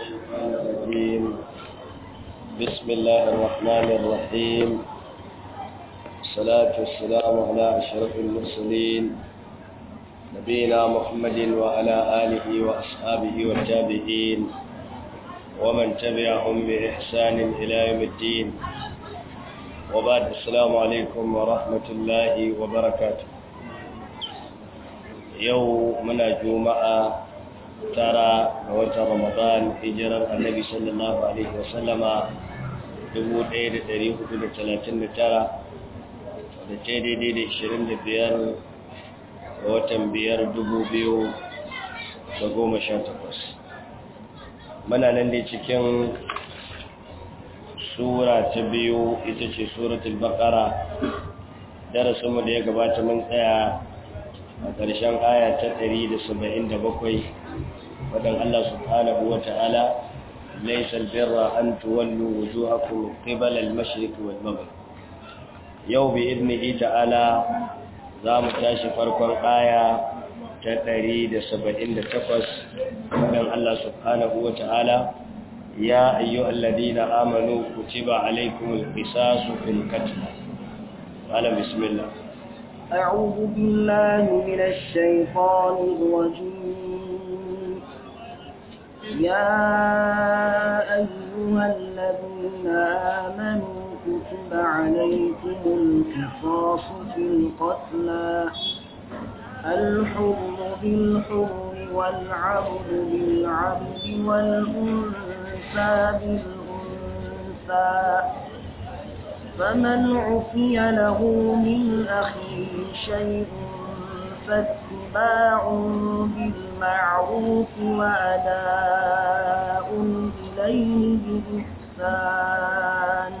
الشيطان الرجيم بسم الله الرحمن الرحيم الصلاة والسلام على أشرف المرسلين نبينا محمد وعلى آله وأصحابه والتابعين ومن تبعهم بإحسان إلى يوم الدين وبعد السلام عليكم ورحمة الله وبركاته يوم من جمعة tara ga watan ramadan hijirar annabi sallallahu alaihi wasallama 1439 da ta daidai da 25 ga watan 5218 muna nan ne cikin sura ta biyu ita ce suratul baqara darasinmu da ya gabata mun tsaya a ƙarshen aya ta 177 wadan Allah subhanahu wa ta'ala laysa albirra an tuwallu wujuhakum qibala almashriq walmaghrib yau bi idni ta'ala zamu tashi farkon aya ta 178 wadan Allah subhanahu wa ta'ala ya ayyuhalladhina amanu kutiba alaykum alqisas alaikum qatl ala bismillah a'udhu billahi minash shaitani يا أيها الذين آمنوا كتب عليكم القصاص في القتلى الحر بالحر والعبد بالعبد والأنثى بالأنثى فمن عفي له من أخيه شيء فاتباع بالمعروف وأداء إليه بإحسان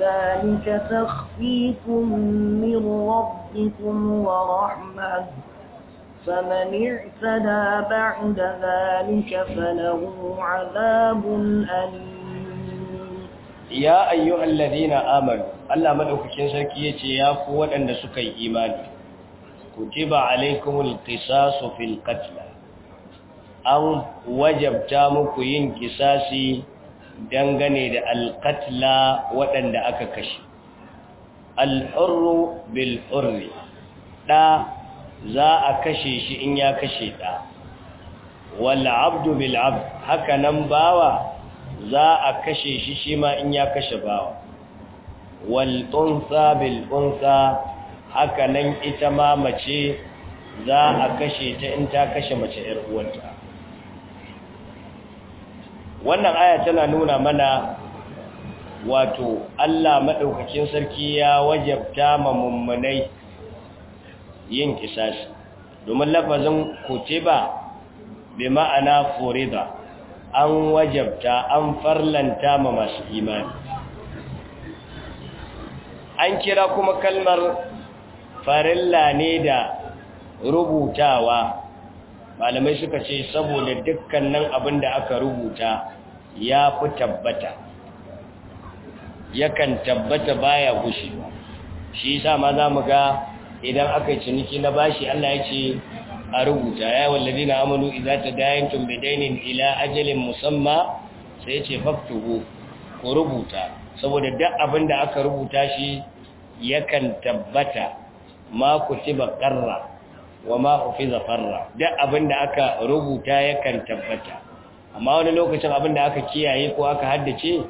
ذلك تخفيف من ربكم ورحمة فمن اعتدى بعد ذلك فله عذاب أليم يا أيها الذين آمنوا الله ملؤك sarki yace يا قوة أن suka إيماني kutiba alaikumul qisasu fil qatl an wajabta muku yin kisasi dangane da alkatla waɗanda aka kashe alhurru bilhurri. ɗa da za a kashe shi in ya kashe da wal abdu bil abd haka nan bawa za a kashe shi shi ma in ya kashe bawa wal unsa haka nan ita ma mace za a kashe ta in ta kashe mace ‘yar uwanta wannan aya tana nuna mana wato Allah maɗaukakin sarki ya wajabta ma mummunai yin kisasi domin lafazin ba bi ma'ana furida an wajabta an farlanta ma masu imani an kira kuma kalmar farilla ne da rubutawa malamai suka ce saboda dukkanin abin da aka rubuta ya fi tabbata yakan tabbata baya gushi. shi sa ma za mu ga idan aka yi ciniki na bashi Allah ya ce a rubuta ya wallazi na amalu ta tadayantum bidainin ila ajalin musamman sai ya ce faktuhu ku rubuta saboda duk abin da aka rubuta shi yakan tabbata ma kutiba ƙarra wa ma fi zafarra. duk abinda aka rubuta yakan tabbata amma wani lokacin abinda aka kiyaye ko aka haddace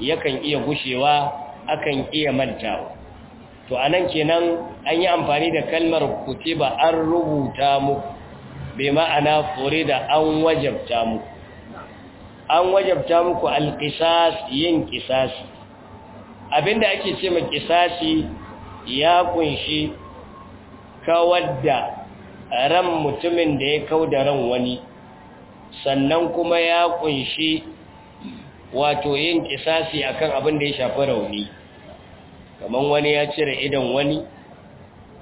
yakan iya gushewa akan iya mantawa to a anan kenan an yi amfani da kalmar kutiba an rubuta muku bai ma'ana furida an wajabta muku an wajabta muku alƙisas yin ƙisasi abinda ake ce ma ƙisasi ya kunshi kawar da ran mutumin da ya kau da ran wani sannan kuma ya kunshi wato yin kisasi akan abin da ya shafi rauni kamar wani ya cire idan wani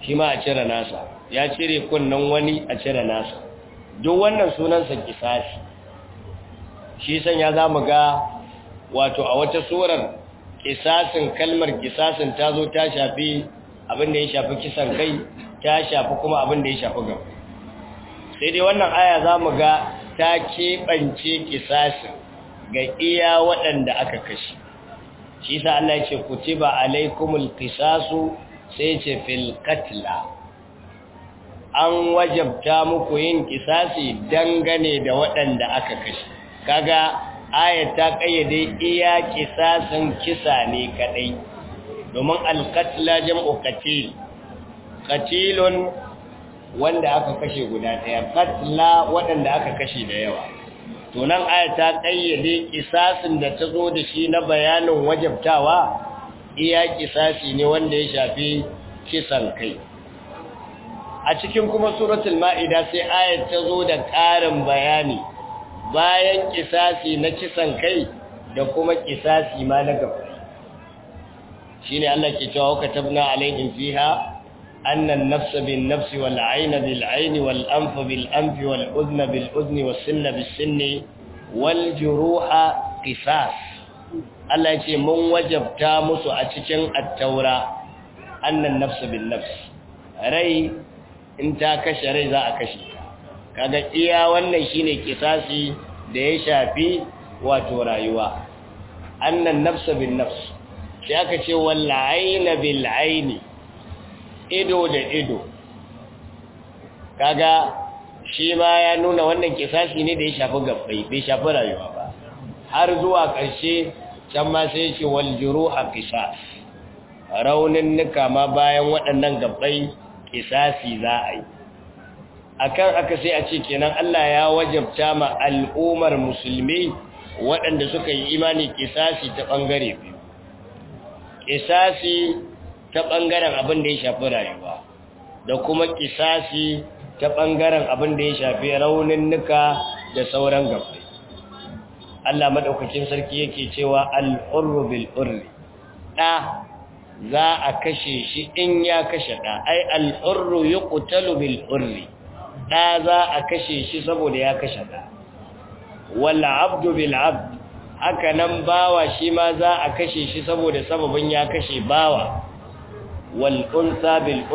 shi ma a cire nasa ya cire kunnen wani a cire nasa duk wannan sunansa kisasi shi san ya za mu ga wato a wata surar kisasin kalmar kisasin ta zo ta shafi abin da ya shafi kisan kai ta shafi kuma abin da ya shafi gaba sai dai wannan aya za mu ga ta keɓance kisasin ga iya waɗanda aka kashe shi sa Allah ya ce kutiba alaikumul qisasu sai ce fil qatla an wajabta muku yin kisasi dangane da waɗanda aka kashe kaga ayat ta kayyade iya kisasin kisa ne kadai domin alqatla jam'u qatil qatilun wanda aka kashe guda daya qatla waɗanda aka kashe da yawa to nan aya ta kayyade kisasin da ta zo da shi na bayanin wajabtawa iya kisasi ne wanda ya shafi kisan kai a cikin kuma suratul ma'ida sai aya ta zo da ƙarin bayani bayan kisasi na kisan kai da kuma kisasi ma na gaba shine Allah ke cewa katabna alaihim fiha أن النفس بالنفس والعين بالعين والأنف بالأنف والأذن بالأذن والسن بالسن والجروح قصاص الله يتي من وجب تامس أتشن التوراة أن النفس بالنفس ري انت كش ري ذا كش kaga iya wannan shine kisasi da ya shafi wato rayuwa annan nafsa bin nafs sai aka ce wal aina bil aini ido da ido kaga shi ma ya nuna wannan kisasi ne da ya shafi gabbai bai shafi rayuwa ba har zuwa ƙarshe can ma sai ce waljuru a kisas raunin nuka ma bayan waɗannan gabbai kisasi za a yi akan aka sai a ce kenan Allah ya wajabta ma al'ummar musulmi waɗanda suka yi imani kisasi ta ɓangare biyu kisasi ta ɓangaren abin da ya shafi rayuwa da kuma kisasi ta ɓangaren abin da ya shafi raunin rauninnuka da sauran gabai Allah maɗaukacin sarki yake cewa al'urru bil'urri ɗa za a kashe shi in ya kashe ɗa ai al'urru yi ƙutalu ɗa za a kashe shi saboda ya kashe ɗa wala abdu bil'abdu haka nan bawa shi ma za a kashe shi saboda sababin ya kashe bawa wal unsa bil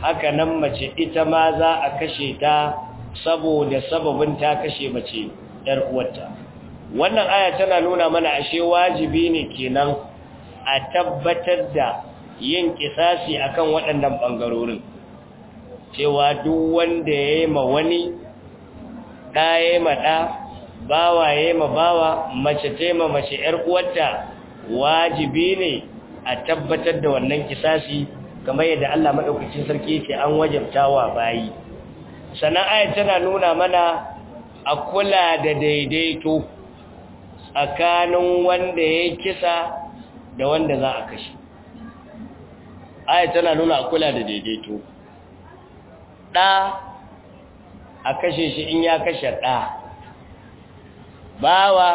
haka nan mace ita ma za a kashe ta saboda sababin ta kashe mace yar uwarta wannan aya tana nuna mana ashe wajibi ne kenan a tabbatar da yin kisasi akan waɗannan bangarorin cewa duk wanda ya yi ma wani ɗa ya yi ma ɗa bawa ya yi ma bawa mace taima mace ‘yar uwarta wajibi ne a tabbatar da wannan kisasi kamar yadda Allah madaukakin sarki yake an wajabta wa bayi sanan ayat tana nuna mana a kula da daidaito tsakanin wanda ya kisa da wanda za a kashe ayat tana nuna a kula da daidaito ɗa a kashe shi in ya kashe ɗa bawa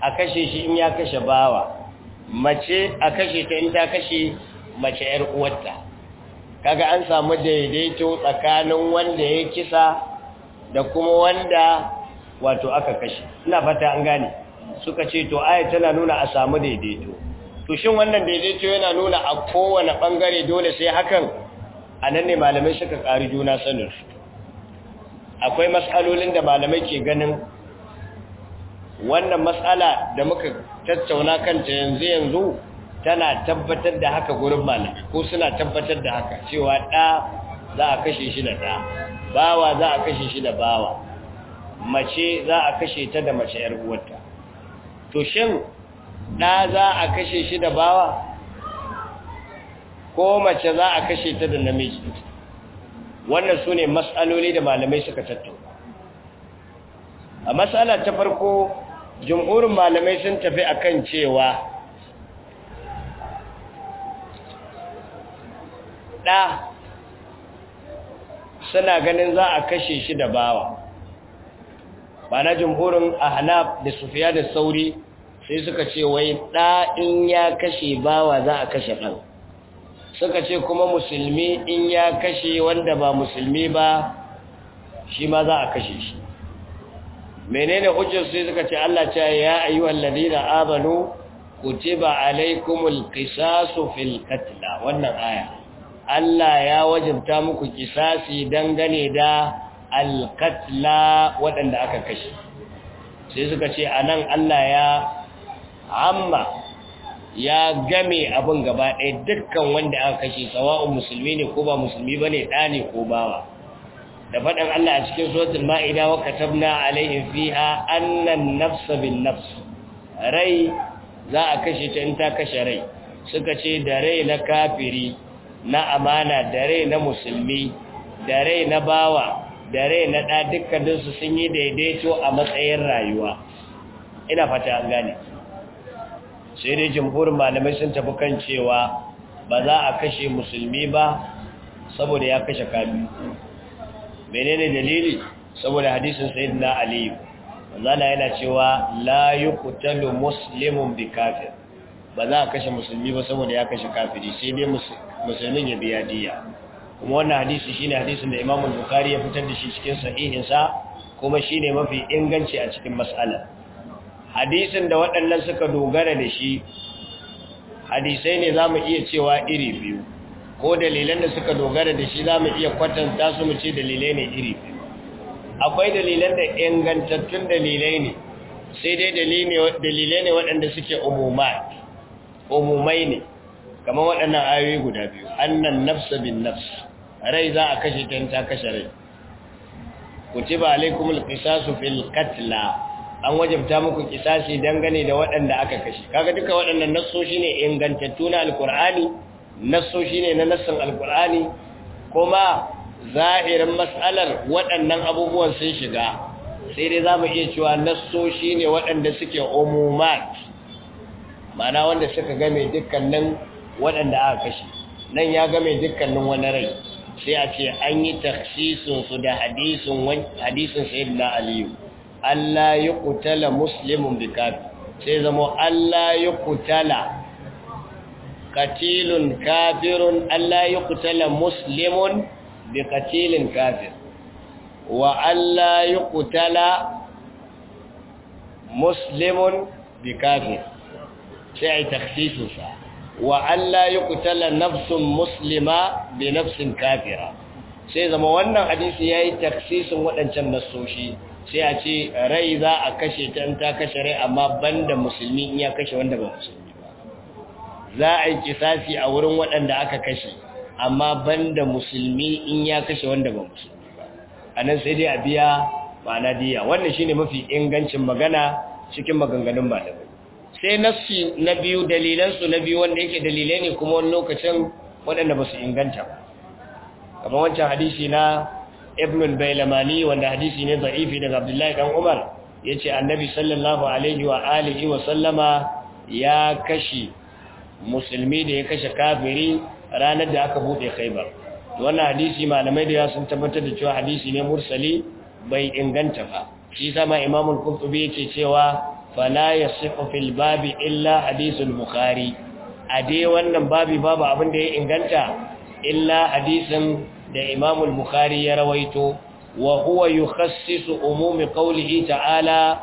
a kashe shi in ya kashe bawa mace a kashe ta in ta kashe mace yar uwarta kaga an samu daidaito tsakanin wanda ya kisa da kuma wanda wato aka kashe ina fata an gane suka ce to ai tana nuna a samu daidaito to shin wannan daidaito yana nuna a kowane bangare dole sai hakan anan ne malamai suka ƙari juna sanin akwai matsalolin da malamai ke ganin wannan matsala da muka tattauna kanta yanzu yanzu tana tabbatar da haka gurin malami ko suna tabbatar da haka cewa ɗa za a kashe shi da ɗa bawa za a kashe shi da bawa mace za a kashe ta da mace ‘yar uwarta to shin ɗa za a kashe shi da bawa ko mace za a kashe ta da namiji wannan su ne matsaloli da malamai suka tattauna a matsala ta farko jumhurin malamai sun tafi akan cewa ɗa suna ganin za a kashe shi da bawa ba na jumhurin ahnaf da sufiya da sauri sai suka ce wai ɗa in ya kashe bawa za a kashe ɗan suka ce kuma musulmi in ya kashe wanda ba musulmi ba shi ma za a kashe shi menene hujjar sai suka ce Allah ce ya ayyuhal ladina amanu kutiba alaikumul qisasu fil qatl wannan aya Allah ya wajibta muku kisasi dangane da alkatla waɗanda aka kashe sai suka ce anan nan Allah ya amma ya game abin gaba ɗaya dukkan wanda aka kashe sawa'un musulmi ne ko ba musulmi bane ɗani ko bawa da faɗin Allah a cikin suratul ma'ida wa katabna alaihi fiha annan nafsa bin nafs rai za a kashe ta in ta kashe rai suka ce da rai na kafiri na amana da rai na musulmi da rai na bawa da rai na ɗa dukkaninsu sun yi daidaito a matsayin rayuwa ina fata an gane sai dai jimhurin malamai sun tafi kan cewa ba za a kashe musulmi ba saboda ya kashe kafiri menene dalili saboda hadisin sayyidina ali manzala yana cewa la yuqtalu muslimun bi kafir ba za a kashe musulmi ba saboda ya kashe kafiri sai dai musulmin ya biya diya kuma wannan hadisi shine hadisin da Imam Bukhari ya fitar da shi cikin sahihin sa kuma shine mafi inganci a cikin mas'ala hadisin da waɗannan suka dogara da shi hadisai ne zamu iya cewa iri biyu ko dalilan da suka dogara da shi za mu iya kwatanta su mu ce dalilai ne iri akwai dalilan da ingantattun dalilai ne sai dai dalilai ne waɗanda suke umumai ne kamar waɗannan ayoyi guda biyu annan nafsa bin nafs rai za a kashe ta ta kashe rai Ku ba alaikum qisasu fil qatla an wajabta muku kisasi dangane da waɗanda aka kashe kaga duka waɗannan nassoshi ne ingantattu na alkur'ani nassoshi ne na nassan alkur'ani kuma zahirin matsalar waɗannan abubuwan sun shiga sai dai za mu iya cewa nassoshi ne waɗanda suke umumat mana wanda suka game dukkanin waɗanda aka kashe nan ya game dukkanin wani rai sai a ce an yi taksisinsu da sai sayyidina aliyu Allah ya kutala musulmin bi sai zama Allah ya kutala katilun kafirun Allah yi kutala muslimun bi katilin kafir wa Allah yi kutala muslimun bi kafir sai a taksisinsa wa Allah yi kutala nafsun muslima bi nafsin kafira sai zama wannan hadisi ya yi taksisin waɗancan nasoshi sai a ce rai za a kashe ta ta kashe rai amma banda musulmi in ya kashe wanda ba musulmi za a yi kisasi a wurin waɗanda aka kashe amma banda musulmi in ya kashe wanda ba musulmi ba a nan sai dai a biya ma'ana diya wannan shi ne mafi ingancin magana cikin maganganun ba malamai sai nassi na biyu dalilansu na biyu wanda yake dalilai ne kuma wani lokacin waɗanda ba su inganta ba kamar wancan hadisi na ibnul bailamani wanda hadisi ne za'ifi daga abdullahi dan umar ya ce annabi sallallahu alaihi wa alihi wa sallama ya kashe musulmi da ya kashe kafiri ranar da aka buɗe khaibar wannan hadisi malamai da ya sun tabbatar da cewa hadisi ne mursali bai inganta ba shi sama imamul qurtubi yake cewa fala yasihu fil babi illa hadisul bukhari a dai wannan babi babu abin da ya inganta illa hadisin da imamul bukhari ya rawaito wa huwa yukhassisu umumi qawlihi ta'ala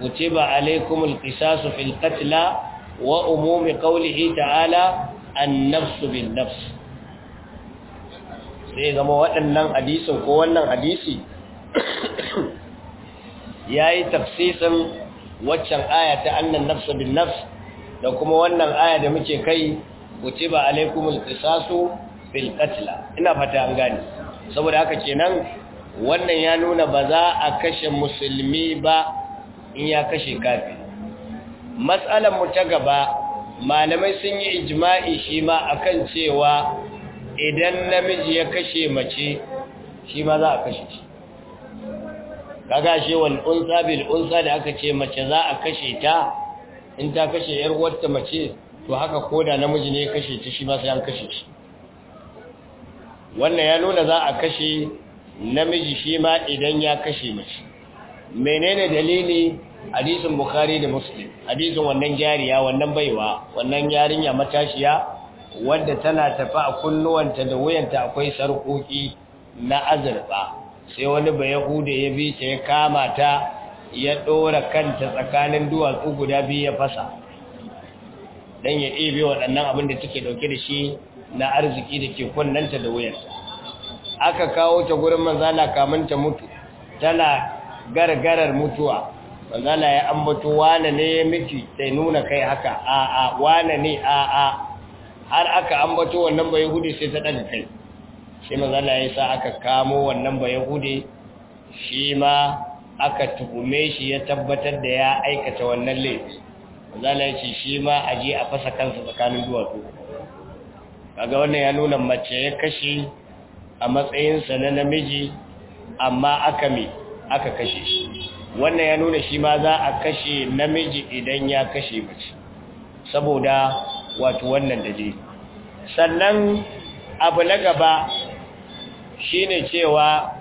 kutiba alaykumul qisasu fil qatla wa umumi qaulihi ta'ala an-nafsu bin nafsu. sai zama waɗannan hadisin ko wannan hadisi ya yi tafsisin waccan aya ta annan nafsu bin-nafs da kuma wannan aya da muke kai ba alaikumul kisasu fil katila ina fata an gane saboda haka kenan wannan ya nuna ba za a kashe musulmi ba in ya kashe kafi matsalar mu ta gaba malamai sun yi ijma'i shi ma akan cewa idan namiji ya kashe mace shi ma za a kashe shi kaga shi wal unsa bil unsa da aka ce mace za a kashe ta in ta kashe yar wata mace to haka koda namiji ne ya kashe ta shi ma sai an kashe shi wannan ya nuna za a kashe namiji shi ma idan ya kashe mace menene dalili hadisin bukhari da muslim hadisin wannan jariya wannan baiwa wannan yarinya matashiya wadda tana tafi a kunnuwanta da wuyanta akwai sarkoki na azurfa sai wani hude ya bi ta ya kama ta ya ɗora kanta tsakanin duwatsu guda biyu ya fasa don ya ɗebe waɗannan abin da take ɗauke da shi na arziki da ke kunnanta da wuyanta aka kawo ta gurin manzana kamun ta mutu tana gargarar mutuwa manzala ya ambato wane ne ya miki sai nuna kai haka a a wane ne a a har aka ambato wannan ba yahudi sai ta daga kai sai manzala ya sa aka kamo wannan ba yahudi shi ma aka tuhume shi ya tabbatar da ya aikata wannan laifi manzala ya ce shi ma a je a fasa kansa tsakanin duwatsu kaga wannan ya nuna mace ya kashe a matsayinsa na namiji amma aka me aka kashe shi wannan ya nuna shi ma za a kashe namiji idan ya kashe mace saboda wato wannan daje sannan abu na gaba shine cewa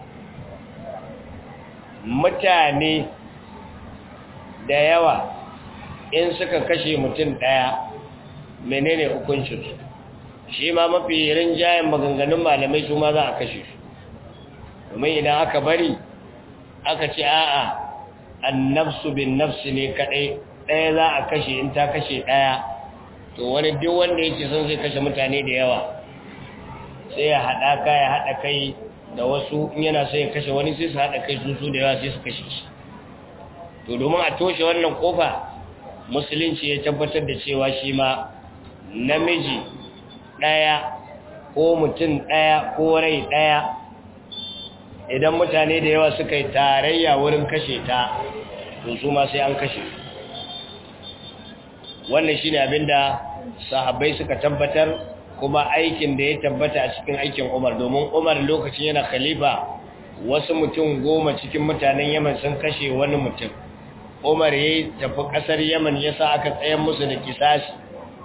mutane da yawa in suka kashe mutum ɗaya menene su shi ma mafi rinjayen maganganun malamai su ma za a kashe su domin idan aka bari aka ce a'a annafsu bin nafsi ne kaɗai ɗaya za a kashe in ta kashe ɗaya. to wani duk wanda yake son zai kashe mutane da yawa sai ya haɗa ka ya haɗa kai da wasu in yana so ya kashe wani sai su haɗa kai su su da yawa sai su kashe shi to domin a toshe wannan kofa musulunci ya tabbatar da cewa shi ma namiji ɗaya ko mutum ɗaya ko rai ɗaya. idan mutane da yawa suka yi tarayya wurin kashe ta to su ma sai an kashe wannan shine abinda sahabbai suka tabbatar kuma aikin da ya tabbata a cikin aikin Umar domin Umar lokacin yana khalifa wasu mutum goma cikin mutanen Yaman sun kashe wani mutum Umar ya tafi kasar Yaman ya sa aka tsayar musu da kisasi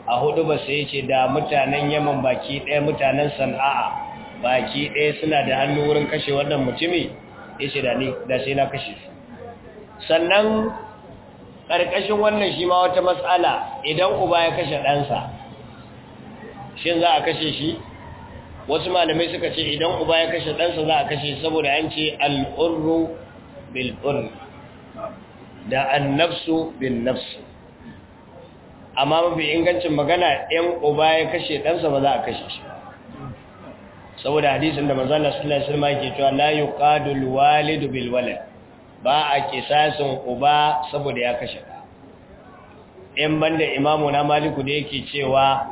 a hudu ba sai ce da mutanen Yaman baki ɗaya mutanen Sana'a baki ɗaya suna da hannu wurin kashe wannan mutumi ya ce da ni da sai na kashe su sannan ƙarƙashin wannan shi ma wata matsala idan uba ya kashe ɗansa shin za a kashe shi wasu malamai suka ce idan uba ya kashe ɗansa za a kashe saboda an ce al'urru bil'urru da annafsu bil nafsu amma mafi ingancin magana ‘yan uba ya kashe ɗansa ba za a kashe shi saboda hadisin da manzo Allah sallallahu alaihi wasallam yake cewa la yuqadu walidu bil walad ba a kisasin uba saboda ya kashe ka in banda imamu na maliku da yake cewa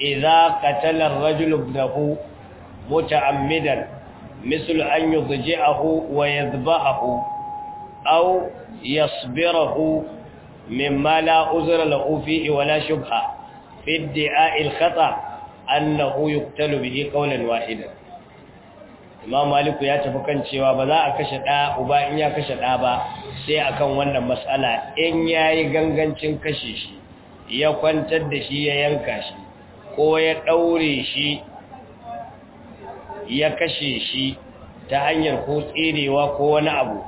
idza qatala ar-rajul ibnahu muta'ammidan misl an yudji'ahu wa yadhbahu aw yasbirahu mimma la uzra lahu fihi wala shubha fi idda'i al-khata' annahu yuqtalu bihi qawlan wahidan imam Malik ya tafi kan cewa ba za a kashe ɗa uba in ya kashe ɗa ba sai akan wannan matsala in yayi gangancin kashe shi ya kwantar da shi ya yanka shi ko ya ɗaure shi ya kashe shi ta hanyar ko tserewa ko wani abu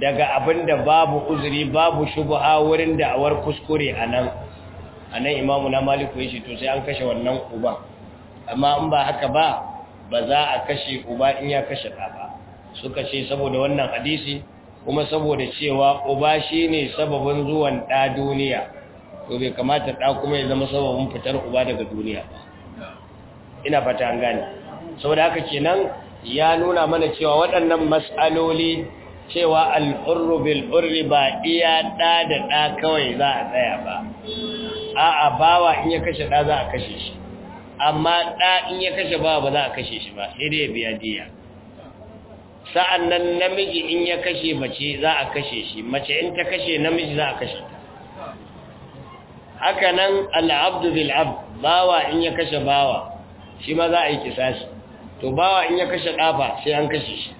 daga abin da babu uzuri babu shubuha wurin da'awar kuskure anan. a nan imamu na maliku ya ce to sai an kashe wannan uba. amma in ba haka ba ba za a kashe uba in ya kashe ɗa ba suka ce saboda wannan hadisi kuma saboda cewa uba shi ne sababin zuwan ɗa duniya to bai kamata ɗa kuma ya zama sababin fitar uba daga duniya ina fata an gane saboda haka kenan ya nuna mana cewa waɗannan matsaloli cewa al'urru bil'urri ba iya ɗa da ɗa kawai za a tsaya ba a'a bawa in ya kashe ɗa za a kashe shi amma ɗa in ya kashe bawa ba za a kashe shi ba sai dai ya biya diya sa'an nan namiji in ya kashe mace za a kashe shi mace in ta kashe namiji za a kashe ta haka nan al'abdu bil'abd bawa in ya kashe bawa shi ma za a yi kisashi to bawa in ya kashe ɗafa sai an kashe shi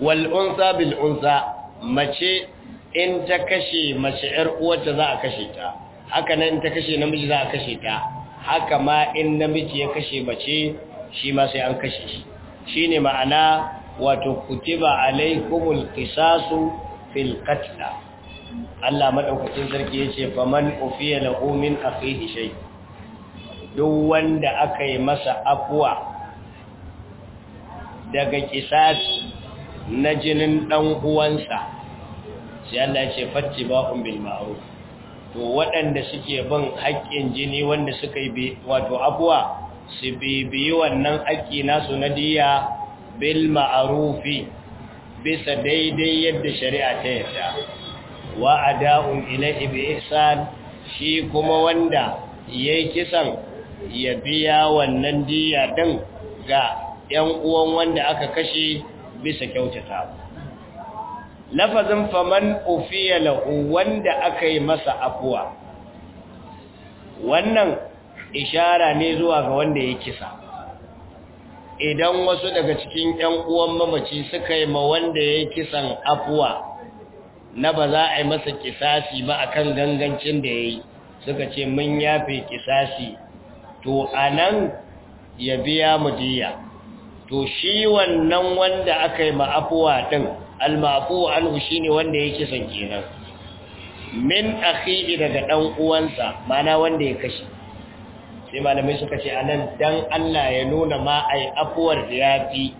wal'unsa bil'unsa mace in ta kashe mace ‘yar uwarta za a kashe ta haka nan ta kashe namiji za a kashe ta haka ma in namiji ya kashe mace shi ma sai an kashe shi shine ma'ana wato kutiba alaikumul qisasu fil qatl Allah madaukakin sarki yace faman ufiya lahu min akhihi shay duk wanda aka yi masa afuwa daga qisas na jinin dan uwansa sai Allah ya ce fattiba'un bil ma'ruf to waɗanda suke bin haƙƙin jini wanda suka yi wato abuwa su bibiyi wannan haƙƙi nasu na diya bil ma'arufi bisa daidai yadda shari'a ta yadda wa ada'un ila ibi ihsan shi kuma wanda yayi kisan ya biya wannan diya din ga 'yan uwan wanda aka kashe bisa kyautata lafazin faman ufiya lahu wanda aka yi masa afuwa wannan ishara ne zuwa ga wanda ya kisa idan wasu daga cikin ƴan uwan mamaci suka yi ma wanda ya kisan afuwa na ba za a yi masa kisasi ba akan gangancin da ya yi suka ce mun yafe kisasi to anan ya biya mudiya to shi wannan wanda aka yi ma afuwa din almafu anhu ne wanda ya kisan kenan min akhihi daga dan uwansa mana wanda ya kashi sai malamai suka ce anan dan Allah ya nuna ma ai afuwar da yafi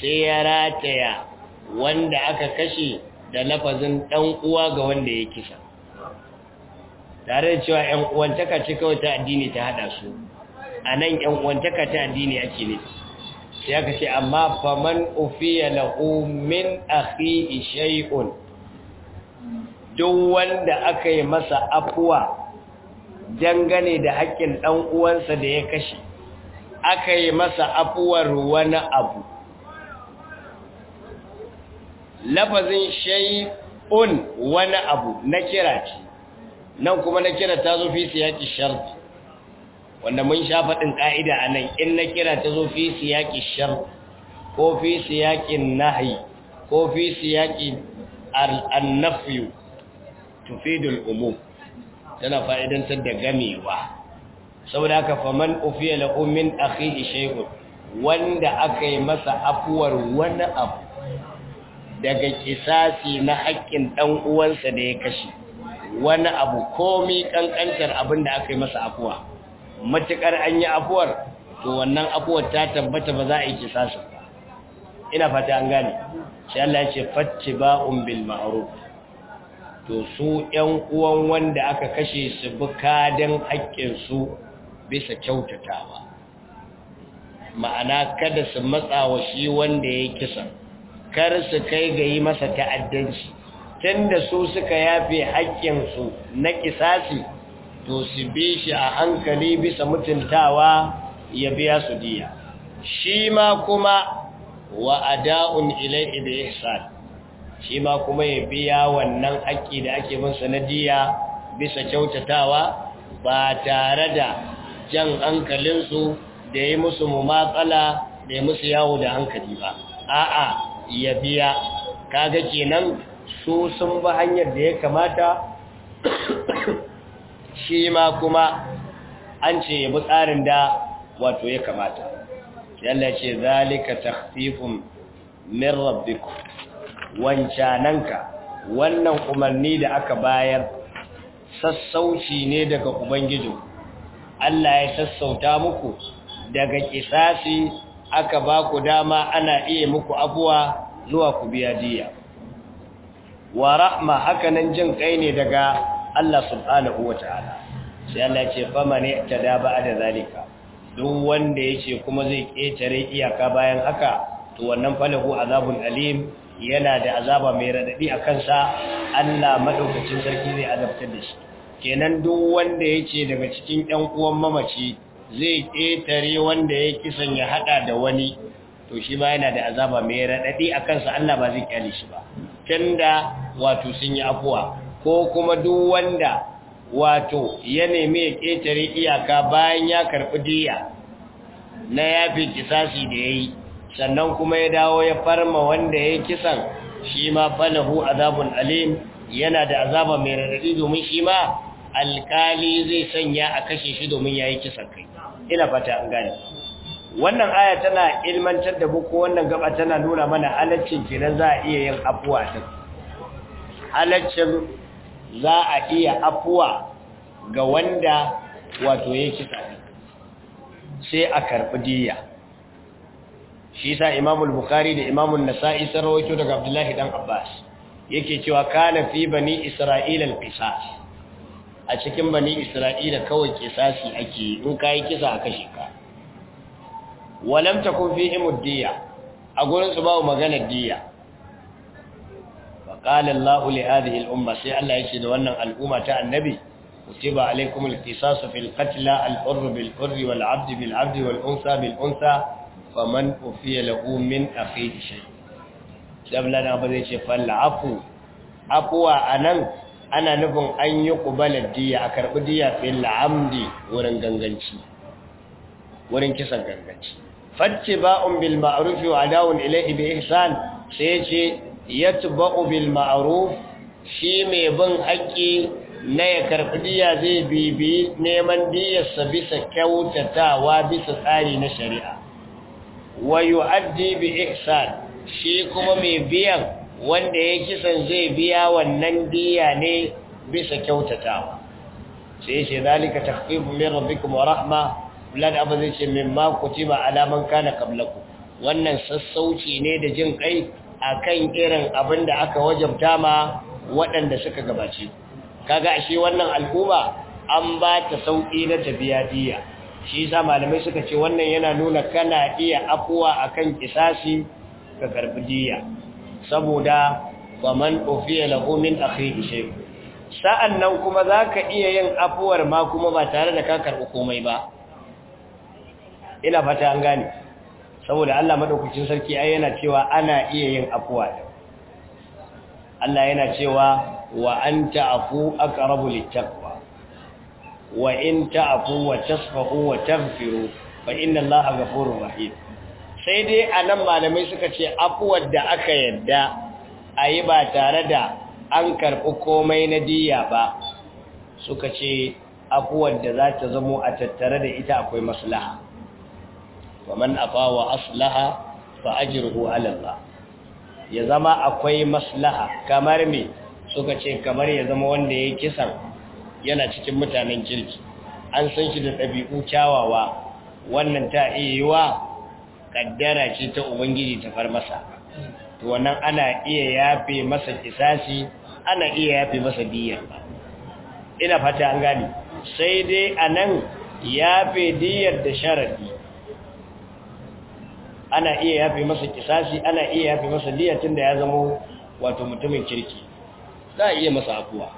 sai ya rataya wanda aka kashe da lafazin dan uwa ga wanda ya kisa tare da cewa ƴan uwantaka ce kawai ta addini ta hada su anan ƴan uwantaka ta addini ake nufi sai aka amma faman ufiya lahu min akhihi shay'un duk wanda aka yi masa afuwa dangane da haƙƙin ɗan uwansa da ya kashe aka yi masa afuwar wani abu lafazin shay'un wani abu na kira ce nan kuma na kira ta zo fi siyaki sharti wanda mun sha faɗin ƙa'ida a nan in na kira ta zo fi yaƙi shar ko fi siyaƙin nahi ko fi siyaƙi annafiyu tufidul umu tana fa'idantar da gamewa saboda haka faman ufiya lahu min akhihi shay'un wanda aka yi masa afuwar wani abu daga kisasi na haƙƙin ɗan uwansa da ya kashe wani abu komi ƙanƙantar abin da aka yi masa afuwa matuƙar an yi afuwar to wannan afuwar ta tabbata ba za a yi ba. ina fata an gane sai Allah ya ce fattiba'un bil ma'ruf to su ƴan uwan wanda aka kashe su bi kadan haƙƙin su bisa kyautatawa ma'ana kada su matsa wa shi wanda ya kisa kar su kai ga yi masa ta'addanci tunda su suka yafe haƙƙin su na kisasi to su bi shi a hankali bisa mutuntawa ya biya su diya shi ma kuma wa ada'un ilaihi bi ihsan shi ma kuma ya biya wannan haƙƙi da ake bin sanadiya bisa kyautatawa ba tare da jan hankalinsu da yi musu mumatsala da yi musu yawo da hankali ba a'a ya biya kaga kenan su sun bi hanyar da ya kamata shi ma kuma an ce ya bi tsarin da wato ya kamata yalla ce zalika takhfifun min rabbikum wancananka wannan umarni da aka bayar sassauci ne daga Ubangiji. Allah ya sassauta muku daga kisasi aka ba ku dama ana iya muku abuwa zuwa ku biya diya wa rahma hakanan jin kai ne daga Allah subhanahu wa ta'ala sai Allah ya ce faman da ba'da zalika duk wanda yace kuma zai ketare iyaka bayan haka to wannan falahu azabun alim yana da azaba mai radadi a kansa Allah madaukakin sarki zai azabtar da shi kenan duk wanda yace daga cikin ɗan uwan mamaci zai ƙetare wanda ya kisan ya haɗa da wani to shi ma yana da azaba mai radadi a kansa Allah ba zai kyale shi ba tunda wato sun yi afuwa ko kuma duk wanda wato ya nemi ya ƙetare iyaka bayan ya karɓi diya na yafi kisasi da ya yi sannan kuma ya dawo ya farma wanda ya kisan shi ma falahu azabun alim yana da azaba mai raɗaɗi domin shi ma alkali zai sanya a kashe shi domin ya yi kisan kai ina fata an gane wannan aya tana ilmantar da buku wannan gaba tana nuna mana halaccin kenan za a iya yin afuwa ta. halaccin za a iya afuwa ga wanda wato ya kisa sai a karɓi diya shi sa imamul bukhari da imamun nasa'i sarwaito daga abdullahi dan abbas yake cewa kana fi bani isra'ila al a cikin bani isra'ila kawai kisasi ake in kai kisa a kashe ka walam takun fi imuddiya a gurin su bawo magana diya qala Allahu li hadhihi sai Allah yace da wannan al'umma ta annabi kutiba alaykum al-qisas fi al-qatl al-hurr bil-hurr wal-'abd bil-'abd wal-unsa bil-unsa min akhihi shay sai Allah na ba zai ce afuwa anan ana nufin anyi yi qubalar diya a wurin kisan ganganci fatti wa adawun ilayhi bi sai ce yatba'u bil ma'ruf shi mai bin haƙƙi na ya karɓi diya zai bibi neman diyarsa bisa kyautatawa bisa tsari na shari'a wa yu'addi bi ihsan shi kuma mai biyan wanda ya kisan zai biya wannan diya ne bisa kyautatawa sai ce zalika takhfifu min rabbikum wa rahma ulad abazin ce mimma kutiba ala man kana qablakum wannan sassauci ne da jin kai akan irin abin da aka wajabta ma waɗanda suka gabace kaga ashe wannan al'umma an ba ta sauƙi na tafiya diya shi yasa malamai suka ce wannan yana nuna kana iya afuwa akan kisasi ka karbi diya saboda man ufiya lahu min akhihi shay sa'annan kuma zaka iya yin afuwar ma kuma ba tare da ka karbi komai ba ina fata an gane saboda Allah madaukakin sarki ai yana cewa ana iya yin afuwa Allah yana cewa wa anta afu aqrabu littaqwa wa in ta'fu wa tasfahu wa tagfiru fa inna Allaha ghafurur rahim sai dai anan malamai suka ce afuwar da aka yadda ayi ba tare da an karɓi komai na diya ba suka ce afuwar da za ta zamo a tattare da ita akwai maslaha wa man afa wa aslaha fa ajruhu ala Allah ya zama akwai maslaha kamar me suka ce kamar ya zama wanda ya kisan yana cikin mutanen kirki an san shi da ɗabi'u kyawawa wannan ta iya kaddara ce ta ubangiji ta far masa to wannan ana iya yafe masa kisasi ana iya yafe masa diyar ina fata an gani sai dai anan yafe diyar da sharadi ana iya yafe masa kisasi ana iya yafe masa liyatin da ya zama wato mutumin kirki za a iya masa afuwa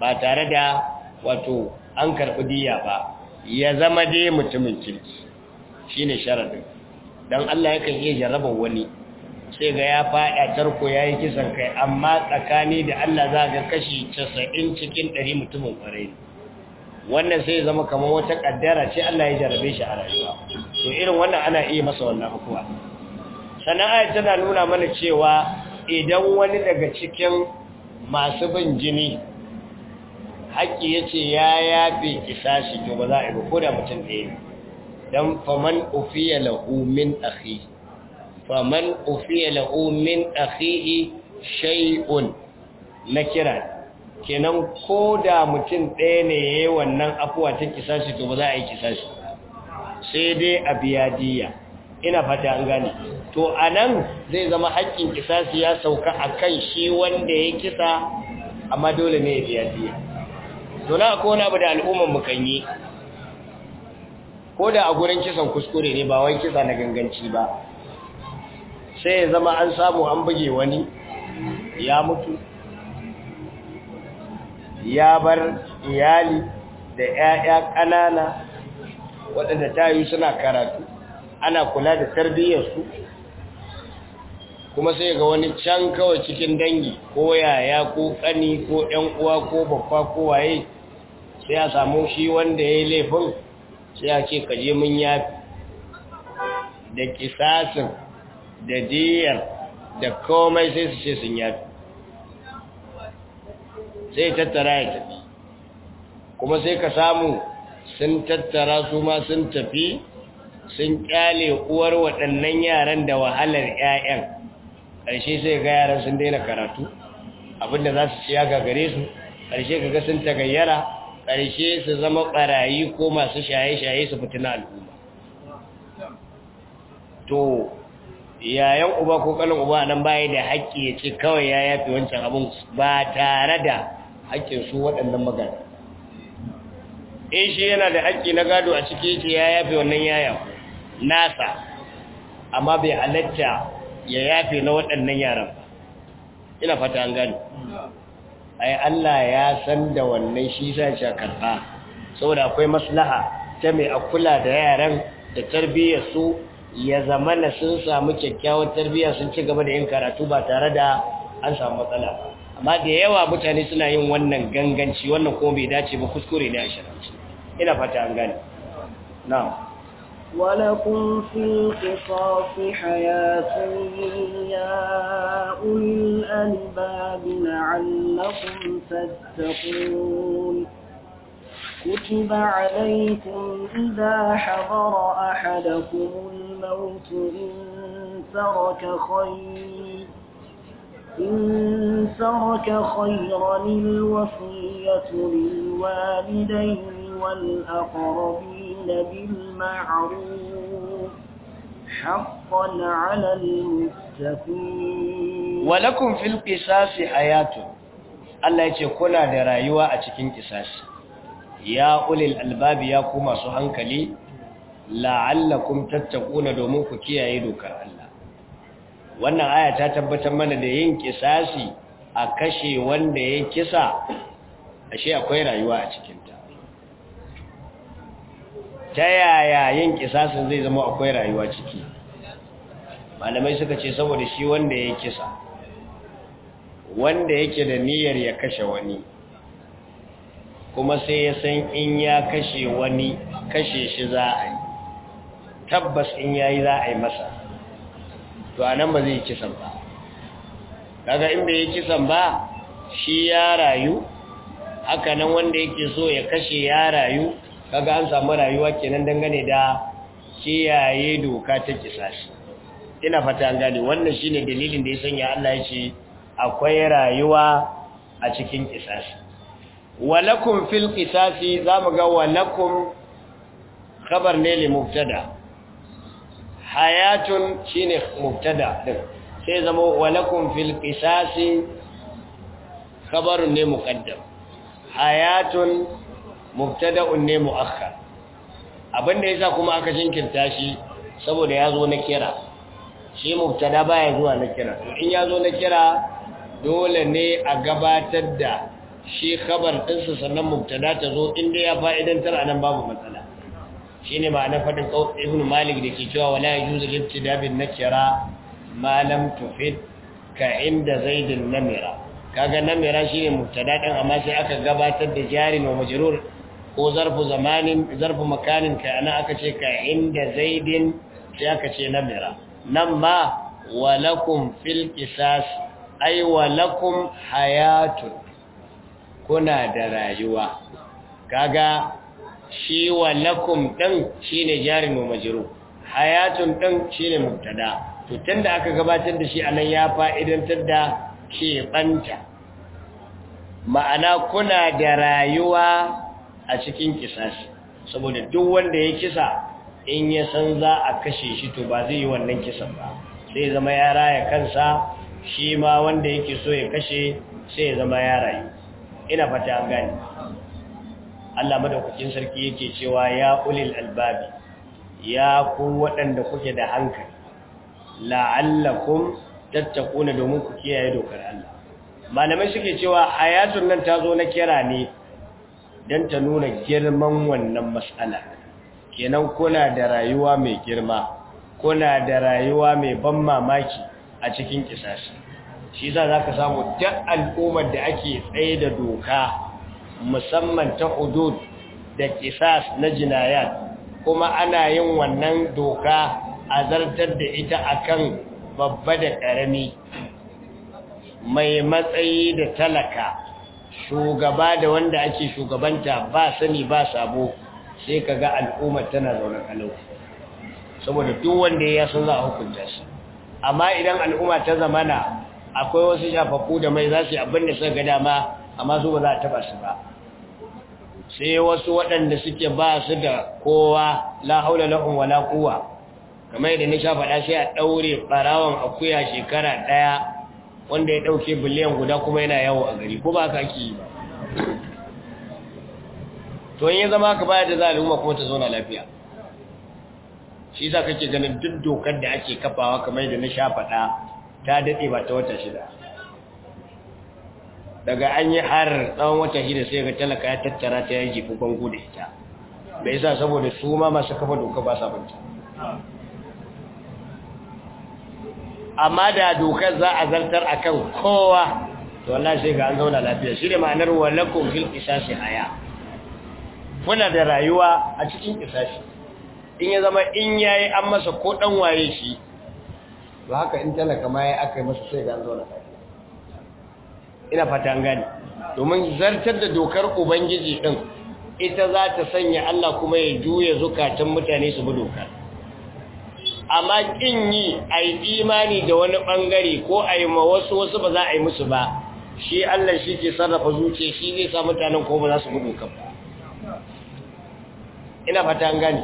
ba tare da wato an karɓi diya ba ya zama dai mutumin kirki shine sharadin dan Allah yakan iya jarabar wani sai ga ya faɗa tarko yayi kisan kai amma tsakani da Allah za ga kashi 90 cikin 100 mutumin kwarai ne wannan sai zama kamar wata kaddara ce Allah ya jarabe shi a rayuwa to irin wannan ana iya masa wannan hukuwa sannan ayat tana nuna mana cewa idan wani daga cikin masu bin jini haƙƙi yace ya yafe kisashi to ba za a yi ba ko da mutum ɗaya ne dan faman ufiya lahu min akhi faman ufiya lahu min akhihi shay'un nakira kenan ko da mutum ɗaya ne ya yi wannan afuwa ta kisashi to ba za a yi kisashi sai dai a biya diya ina fata an gane to a nan zai zama haƙƙin kisashi ya sauka a kan shi wanda ya kisa amma dole ne ya biya diya to na ko wani abu da al'umman mu kan yi ko da a gurin kisan kuskure ne ba wai kisa na ganganci ba sai ya zama an samu an buge wani ya mutu ya bar iyali da 'ya'ya ƙanana waɗanda ta yi suna karatu ana kula da tarbiyyarsu kuma sai ga wani can kawai cikin dangi ko yaya ko ƙani ko ‘yan uwa ko babba ko waye sai a samu shi wanda ya yi laifin sai a ce kaje mun yafi da kisasin da diyar da komai sai su ce sun yafi sai tattara ya tafi kuma sai ka samu sun tattara su ma sun tafi sun kyale uwar waɗannan yaran da wahalar 'ya'yan ƙarshe sai ga yaran sun daina karatu abinda za su ciya gare su ƙarshe ga sun tagayyara ƙarshe su zama ɓarayi ko masu shaye-shaye su fitina al'umma to yayan uba ko ƙalin uba nan ba da haƙƙi ya ce kawai ya yafi wancan abin ba tare da haƙƙin su waɗannan magana in shi yana da haƙƙi na gado a ciki shi ya yafe wannan yayan nasa amma bai halatta ya yafe na waɗannan yaran ba ina fata an gano ai Allah ya san da wannan shi sa shi karɓa saboda akwai maslaha ta mai akula da yaran da tarbiyyar su ya zamana sun samu kyakkyawar tarbiyya sun ci gaba da yin karatu ba tare da an samu matsala ba amma da yawa mutane suna yin wannan ganganci wannan kuma bai dace ba kuskure ne a sharanci ina fata an gane na'am ولكم في القصاص حياة يا أولي الألباب لعلكم تتقون كتب عليكم إذا حضر أحدكم الموت إن ترك خير إن ترك خيرا الوصية للوالدين والأقربين بالمعروف حقا على المتقين ولكم في القصاص حياة Allah ce kuna da rayuwa a cikin kisasi ya ulil albabi ya ku masu hankali la'allakum tattaquna domin ku kiyaye doka. wannan aya ta tabbatar mana da yin kisasi a kashe wanda ya kisa A shi akwai rayuwa a cikinta ta yaya yin kisasin zai zama akwai rayuwa ciki malamai suka ce saboda shi wanda ya kisa wanda yake da niyyar ya kashe wani kuma sai ya san in ya kashe wani kashe shi za a yi tabbas in ya yi za a yi masa to anan ba zai kisan ba daga in bai kisan ba shi ya rayu haka nan wanda yake so ya kashe ya rayu kaga an samu rayuwa kenan dangane da kiyaye doka ta kisashi ina fata an gane wannan shine dalilin da ya sanya Allah ya ce akwai rayuwa a cikin kisashi walakum fil qisasi zamu ga walakum khabar ne li mubtada hayatun shine mubtada din sai zama walakum fil qisasi khabarun ne muqaddam hayatun mubtada'un ne muakhkhar abinda yasa kuma aka jinkirta shi saboda yazo na kira shi mubtada baya zuwa na kira in yazo na kira dole ne a gabatar da shi khabar ɗinsa sannan mubtada ta zo inda ya fa'idantar anan babu matsala Shi shine ma'anar fadin ibn malik da ke cewa wala yajuzu ibtida bin nakira ma lam tufid ka inda zaidin namira kaga namira shine mubtada din amma sai aka gabatar da jari wa majrur ko zarfu zamanin zarfu makanin ka ana aka ce ka inda zaidin sai aka ce namira nan ma walakum fil qisas ay walakum hayatun kuna da rayuwa kaga shi wa lakum ɗan shi ne jarin wa majiru hayatun ɗan shi ne mutada to da aka gabatar da shi a nan ya fa'idantar da ke keɓanta ma'ana kuna da rayuwa a cikin kisashi. saboda duk wanda ya kisa in ya san za a kashe shi to ba zai yi wannan kisan ba sai zama ya raya kansa shi ma wanda yake so ya kashe sai ya zama ya rayu ina fata gani Allah madaukakin sarki yake cewa ya ulil albabi ya ku waɗanda kuke da hankali la'allakum tattaquna domin ku kiyaye dokar Allah malamai suke cewa ayatun nan ta zo na kira ne dan ta nuna girman wannan mas'ala kenan kuna da rayuwa mai girma kuna da rayuwa mai ban mamaki a cikin kisashi shi za ka samu duk al'ummar da ake tsaye da doka musamman ta hudud da kisas na jinayat kuma ana yin wannan doka a zartar da ita akan babba da ƙarami mai matsayi da talaka shugaba da wanda ake shugabanta ba sani ba sabo sai kaga al'ummar tana zaune kalau saboda duk wanda ya san za a hukunta shi amma idan al'umma ta zamana akwai wasu shafafu da mai za su yi abin da suka ga dama amma su ba za a taba su ba sai wasu waɗanda suke ba su da kowa la haula lahum wala quwwa kamar yadda ni sha faɗa sai a ɗaure ɓarawon akuya shekara ɗaya wanda ya ɗauke biliyan guda kuma yana yawo a gari ko ba ka ki ba to in ya zama ka ba da za ko kuma ta zauna lafiya shi za kake ganin duk dokar da ake kafawa kamar yadda ni sha faɗa ta dade ba ta wata shida daga an yi har tsawon wata shida sai ga talaka ya tattara ta yaji ko bango da ita bai sa saboda su ma masu kafa doka ba sa banta amma da dokar za a zartar akan kowa to wallahi sai ga an zauna lafiya shi da ma'anar walakum fil qisasi haya kuna da rayuwa a cikin isashi. in ya zama in yayi an masa ko dan waye shi to haka in talaka ma yayi aka yi masa sai ga an zauna lafiya ina fatan gani domin zartar da dokar ubangiji din ita za ta sanya Allah kuma ya juya zukatan mutane su bi dokar amma kin yi ai imani da wani bangare ko ai ma wasu wasu ba za a yi musu ba shi Allah shi ke sarrafa zuciya shi zai sa mutanen ko ba za su bi dokar ina fatan gani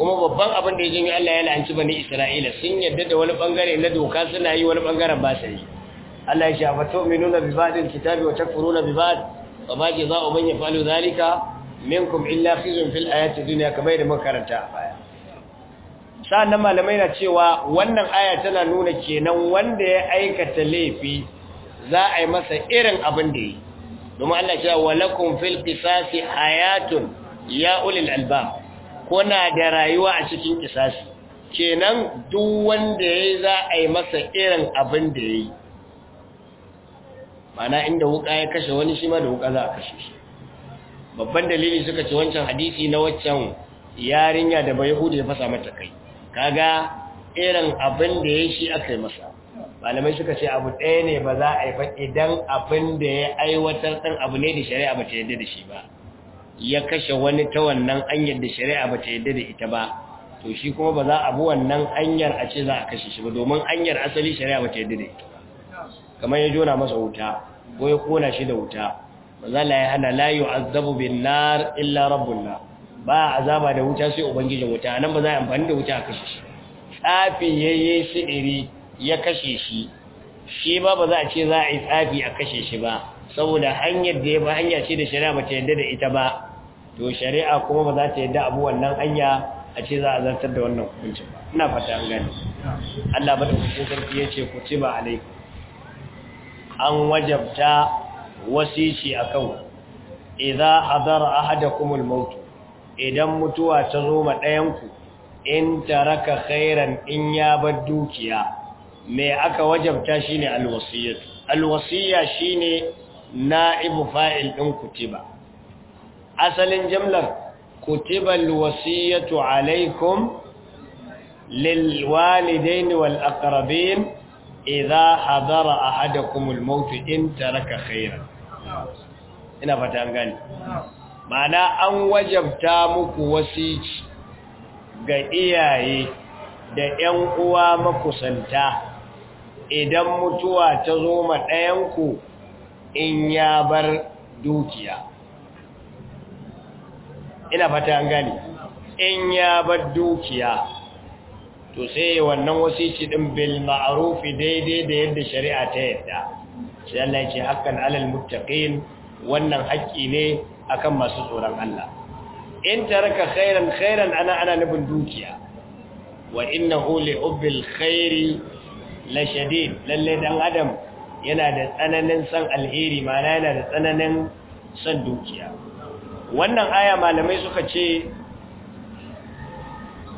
kuma babban abin da ya jin Allah ya la'anci bani Isra'ila sun yadda da wani bangare na doka suna yi wani bangaren ba sai Allah ya shafa tu'minuna bi ba'dil kitabi wa takfuruna bi ba'd wa ma jazaa'u man yaf'alu dhalika minkum illa khizyun fil ayati dunya kamar da makaranta baya Sannan malamai na cewa wannan aya tana nuna kenan wanda ya aikata laifi za a yi masa irin abin da yi domin Allah ya ce wa lakum fil qisasi hayatun ya ulil albab kuna da rayuwa a cikin ƙisasi. kenan duk wanda ya za a yi masa irin abin da ya yi ma'ana inda wuka ya kashe wani shi ma da wuka za a kashe shi babban dalili suka ce wancan hadisi na waccan yarinya da bai hudu ya fasa mata kai kaga irin abin da ya shi aka yi masa malamai suka ce abu ɗaya ne ba za a yi ba idan abin da ya aiwatar ɗan abu ne da shari'a ba ta yadda da shi ba ya kashe wani ta wannan anyar da shari'a ba ta yadda da ita ba to shi kuma ba za a bi wannan anyar a ce za a kashe shi ba domin anyar asali shari'a ba ta yadda da ita kamar ya jona masa wuta ko ya kona shi da wuta manzala ya hana la yu'azzabu bin nar illa rabbun na ba azaba da wuta sai ubangijin wuta nan ba za a amfani da wuta a kashe shi tsafi yayi si'iri ya kashe shi shi ba ba za a ce za a yi tsafi a kashe shi ba saboda hanyar da ya ba hanya ce da shari'a ba ta yadda da ita ba to shari'a kuma ba za ta yadda abu wannan hanya a ce za a zartar da wannan hukuncin ba ina fata an gani Allah ba da hukuncin sarki ya ce ku ci ba alaikum an wajabta wasici akan idza hadara ahadakumul mautu. idan mutuwa ta zo ma ɗayanku in taraka khairan in ya bar dukiya me aka wajabta shine alwasiyatu alwasiya shine na'ibu fa'il din kutiba asalin jimlar kutiba alwasiyatu alaikum lilwalidaini wal aqrabin idza hadara ahadakumul maut in taraka khairan ina fata an gani ma'ana an wajabta muku wasici ga iyaye da ƴan uwa makusanta idan mutuwa ta zo ma ɗayanku in ya bar dukiya ina fata gani in ya bar dukiya to sai wannan wasici din bil ma'ruf daidai da yadda shari'a ta yadda sai Allah ce haqqan alal muttaqin wannan haƙƙi ne akan masu tsoron Allah in taraka khairan khairan ana ana nubin dukiya wa innahu li ubbil khairi la shadid lalle dan adam yana da tsananin san alheri mana yana da tsananin san dukiya wannan aya malamai suka ce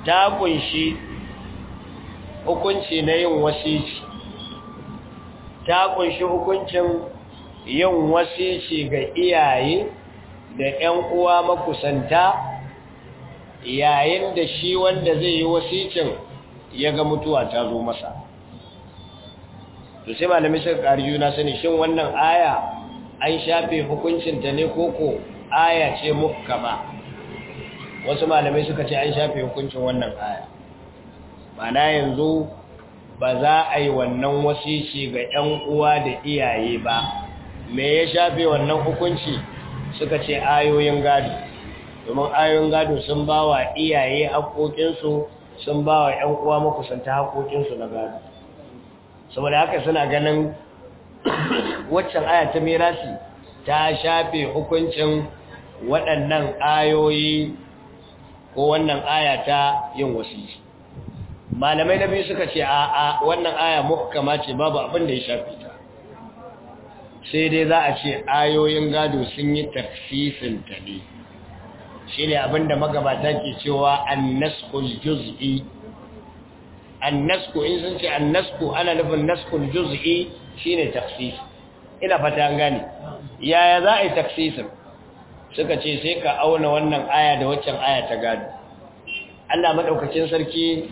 ta kunshi hukunci na yin wasici ta kunshi hukuncin yin wasici ga iyaye da 'yan uwa makusanta yayin da shi wanda zai yi wasicin ya ga mutuwa ta zo masa to sai malamai suka ƙari juna sani shin wannan aya an shafe hukuncinta ne koko aya ce ba? wasu malamai suka ce an shafe hukuncin wannan aya mana yanzu ba za a yi wannan wasishi ga 'yan uwa da iyaye ba me ya shafe wannan hukunci suka ce ayoyin gado domin ayoyin gado sun ba wa iyaye haƙoƙinsu sun ba wa 'yan uwa makusanta haƙoƙinsu na gado saboda haka suna ganin waccan aya ta mirasi ta shafe hukuncin waɗannan ayoyi ko wannan aya ta yin wasishi malamai na biyu suka ce a wannan aya muhkama ce babu abin da ya shafi ta sai dai za a ce ayoyin gado sun yi tafsisin ta ne shi ne abin da magabata ke cewa annaskul juz'i annasku in sun ce annasku ana nufin naskul juz'i shine tafsis ina fata an gane yaya za a yi tafsisin suka ce sai ka auna wannan aya da waccan aya ta gado Allah maɗaukacin sarki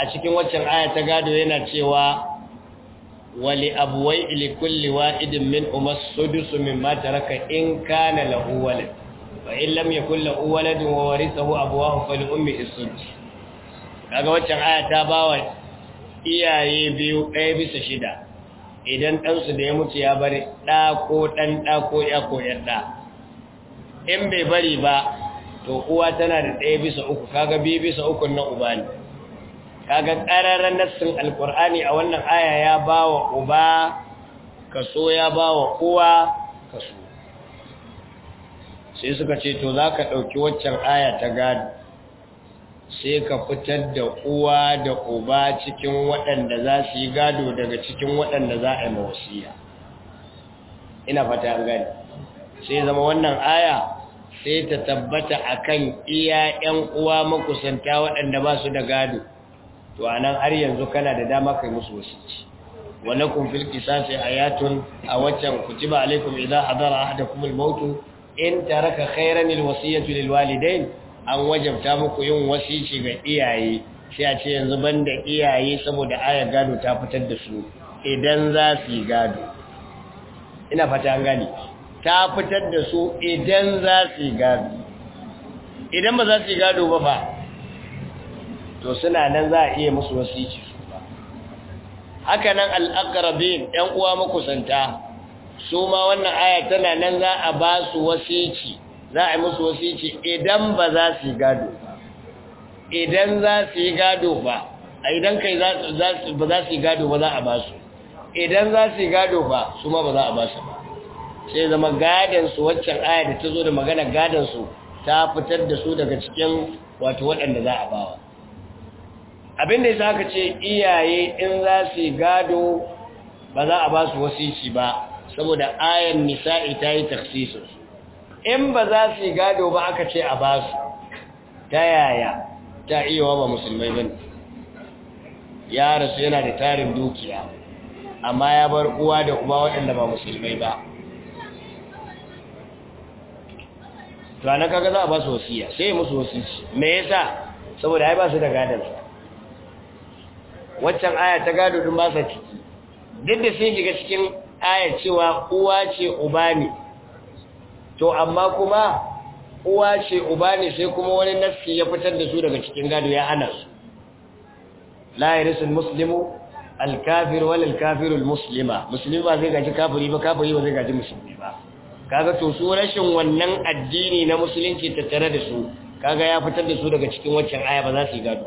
a cikin waccan aya ta gado yana cewa wali abuwai ilikulli wa'idin min umar sudusu min raka in kana lahu walad fa in lam yakul lahu waladin wa warisahu abuwahu fal ummi isudus kaga waccan aya ta bawa iyaye biyu ɗaya bisa shida idan ɗansu da ya mutu ya bari ɗa ko ɗan ɗa ko ya koyar ɗa in bai bari ba to uwa tana da ɗaya bisa uku kaga biyu bisa uku na uba kaga ƙararren nassin alkur'ani a wannan aya ya ba wa uba kaso ya ba wa uwa kaso sai suka ce to za ka ɗauki waccan aya ta gado sai ka fitar da uwa da uba cikin waɗanda za su yi gado daga cikin waɗanda za a yi mawasiya ina fata an gani sai zama wannan aya sai ta tabbata akan iya 'yan uwa makusanta waɗanda ba su da gado to anan har yanzu kana da dama kai musu wasici wa lakum fil qisasi ayatun A waccan kutiba alaikum idha hadara ahadakum al maut in taraka khayran al wasiyatu lil walidain an wajabta muku yin wasici ga iyaye sai a ce yanzu banda iyaye saboda ayar gado ta fitar da su idan za su yi gado ina fata an gani ta fitar da su idan za su yi gado idan ba za su yi gado ba fa to suna nan za a iya musu wasici su ba haka nan al'akarabin ‘yan uwa makusanta su ma wannan aya tana nan za a ba su wasici za a musu wasici idan ba za su yi gado ba idan za su yi gado ba a idan kai ba za su yi gado ba za a ba su idan za su yi gado ba su ma ba za a ba su ba sai zama gadansu waccan aya da ta zo da magana gadansu ta fitar da su daga cikin wato waɗanda za a bawa abin da za ka ce iyaye in za su gado ba za a ba su wasisi ba saboda ayan nisa'i ta yi taksisin in ba za su gado ba aka ce a ba su ta yaya ta iya wa ba musulmai ba ya rasu yana da tarin dukiya amma ya bar uwa da uba waɗanda ba musulmai ba tuwa na kaga za a ba su wasiya sai musu wasisi me yasa saboda ya ba su da gadansa waccan aya ta gado din ba sa ciki duk da sun shiga cikin aya cewa uwa ce uba ne to amma kuma uwa ce uba ne sai kuma wani nassi ya fitar da su daga cikin gado ya hana su la yarisul muslimu kafir wal al muslima muslimi ba zai gaji kafiri ba kafiri ba zai gaji musulmi ba kaga to su rashin wannan addini na musulunci tattare da su kaga ya fitar da su daga cikin waccan aya ba za su yi gado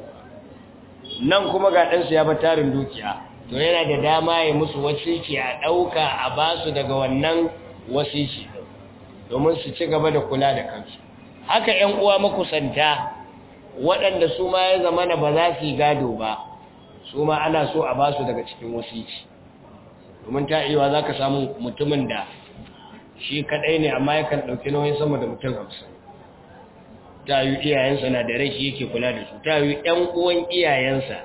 nan kuma ga ɗansu ya ba tarin dukiya to yana da dama ya musu wasiki a ɗauka a ba su daga wannan wasiki domin su ci gaba da kula da kansu haka ‘yan uwa makusanta waɗanda su ma ya zama ba za su yi gado ba su ma ana so a ba su daga cikin wasiki domin ta iya za ka samu mutumin da shi kaɗai ne amma yakan ɗauki nauyin sama da mutum hamsin ta yi iyayensa na da rashi yake kula da su ta yi ɗan uwan iyayensa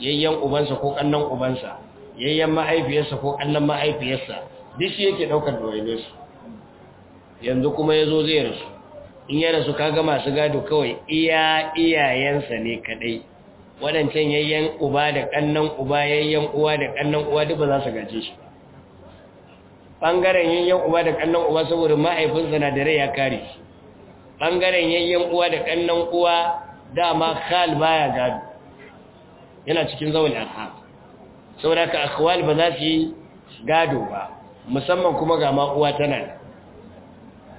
yayyan ubansa ko ƙannan ubansa yayyan mahaifiyarsa ko ƙannan mahaifiyarsa duk shi yake ɗaukar su. yanzu kuma ya zo zai rasu in ya rasu kaga masu gado kawai iya iyayensa ne kaɗai waɗancan yayyan uba da ƙannan uba yayyan uwa da ƙannan uwa duk ba za su gaje shi ɓangaren yayyan uba da ƙannan uba saboda mahaifinsa na da rai ya kare shi ɓangaren yayyen uwa da ƙannan uwa dama khal baya gado yana cikin zaune arham saboda ka akhwal ba za su yi gado ba musamman kuma ga ma uwa tana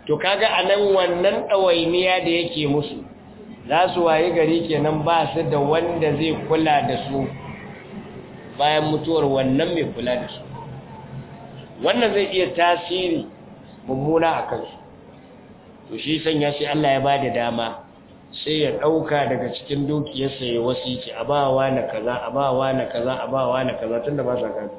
to kaga anan wannan ɗawainiya da yake musu za su waye gari kenan ba su da wanda zai kula da su bayan mutuwar wannan mai kula da su wannan zai iya tasiri mummuna a kansu to shi sanya sai Allah ya bada dama sai ya dauka daga cikin dukiyarsa ya wasici a bawa na kaza a bawa na kaza a bawa na kaza tunda ba sa gado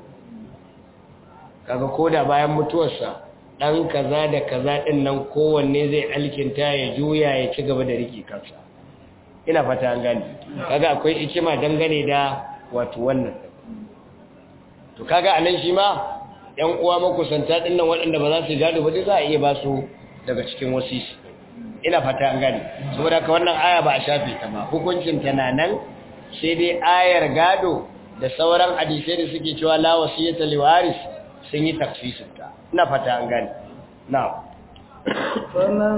kaga koda bayan mutuwarsa dan kaza da kaza din nan kowanne zai alkinta ya juya ya ci gaba da riki kansa ina fata an gane kaga akwai hikima dangane da wato wannan to kaga anan shi ma yan uwa makusanta ɗin nan waɗanda ba za su gado ba dai za a iya ba su daga cikin shi ina fata an gani. saboda ka wannan aya ba a shafe ta ba hukuncin ta na nan sai dai ayar gado da sauran hadisai da suke cewa la wasiyata li waris sun yi tafsirin ta ina fata an gane na'am فمن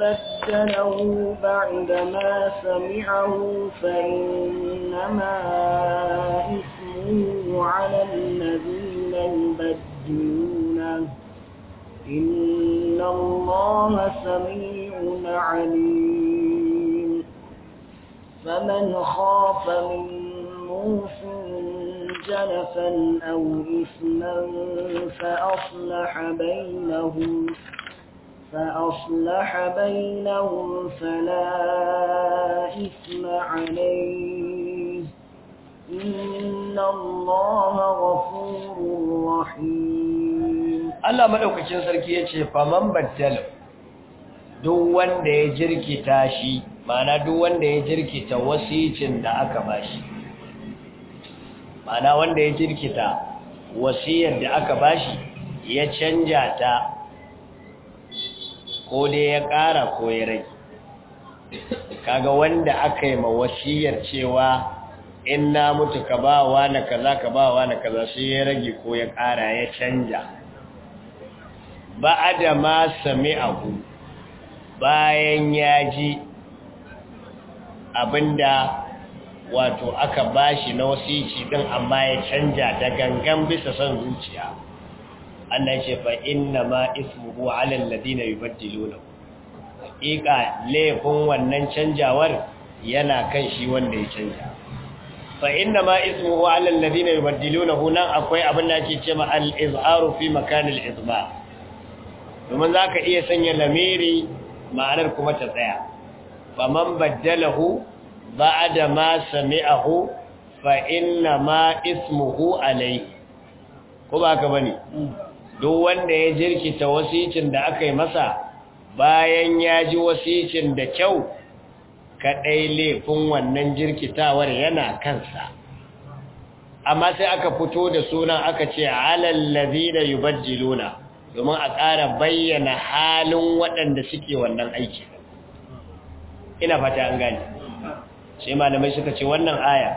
بدله بعدما سمعه فإنما إثمه على الذين يبدلونه إن الله سميع عليم فمن خاف من موسى جنفا أو إثما فأصلح بينهم فأصلح بينهم فلا إثم عليه إن الله غفور رحيم Allah madaukakin sarki yace faman baddala duk wanda ya jirkita shi ma'ana duk wanda ya jirkita wasicin da aka bashi ma'ana wanda ya jirkita wasiyar da aka bashi ya canja ta ko dai ya ƙara ko ya rage kaga wanda aka yi ma wasiyar cewa in na mutu ka ba wa na kaza ka ba wa na kaza sai ya rage ko ya ƙara ya canja ba'ada ma abu bayan ya ji abinda wato aka bashi na yi din amma ya canja da gangan bisa son zuciya Allah ce fa inna ma ismuhu 'ala alladhina yubaddiluna haqiqa laifin wannan canjawar yana kan shi wanda ya canja fa inna ma ismuhu 'ala alladhina yubaddilunahu nan akwai abin da ake cewa al-izharu fi makan al domin za ka iya sanya lamiri ma'anar kuma ta tsaya faman baddalahu ba da ma sami'ahu fa inna ma ismuhu alai ko ba ka bane mm. duk wanda ya jirkita wasicin da aka yi masa bayan ya ji wasicin da kyau kaɗai laifin wannan jirkitawar yana kansa amma sai aka fito da sunan aka ce alallazi da yubajjiluna domin a ƙara bayyana halin waɗanda suke wannan aiki ina fata an gani sai malamai suka ce wannan aya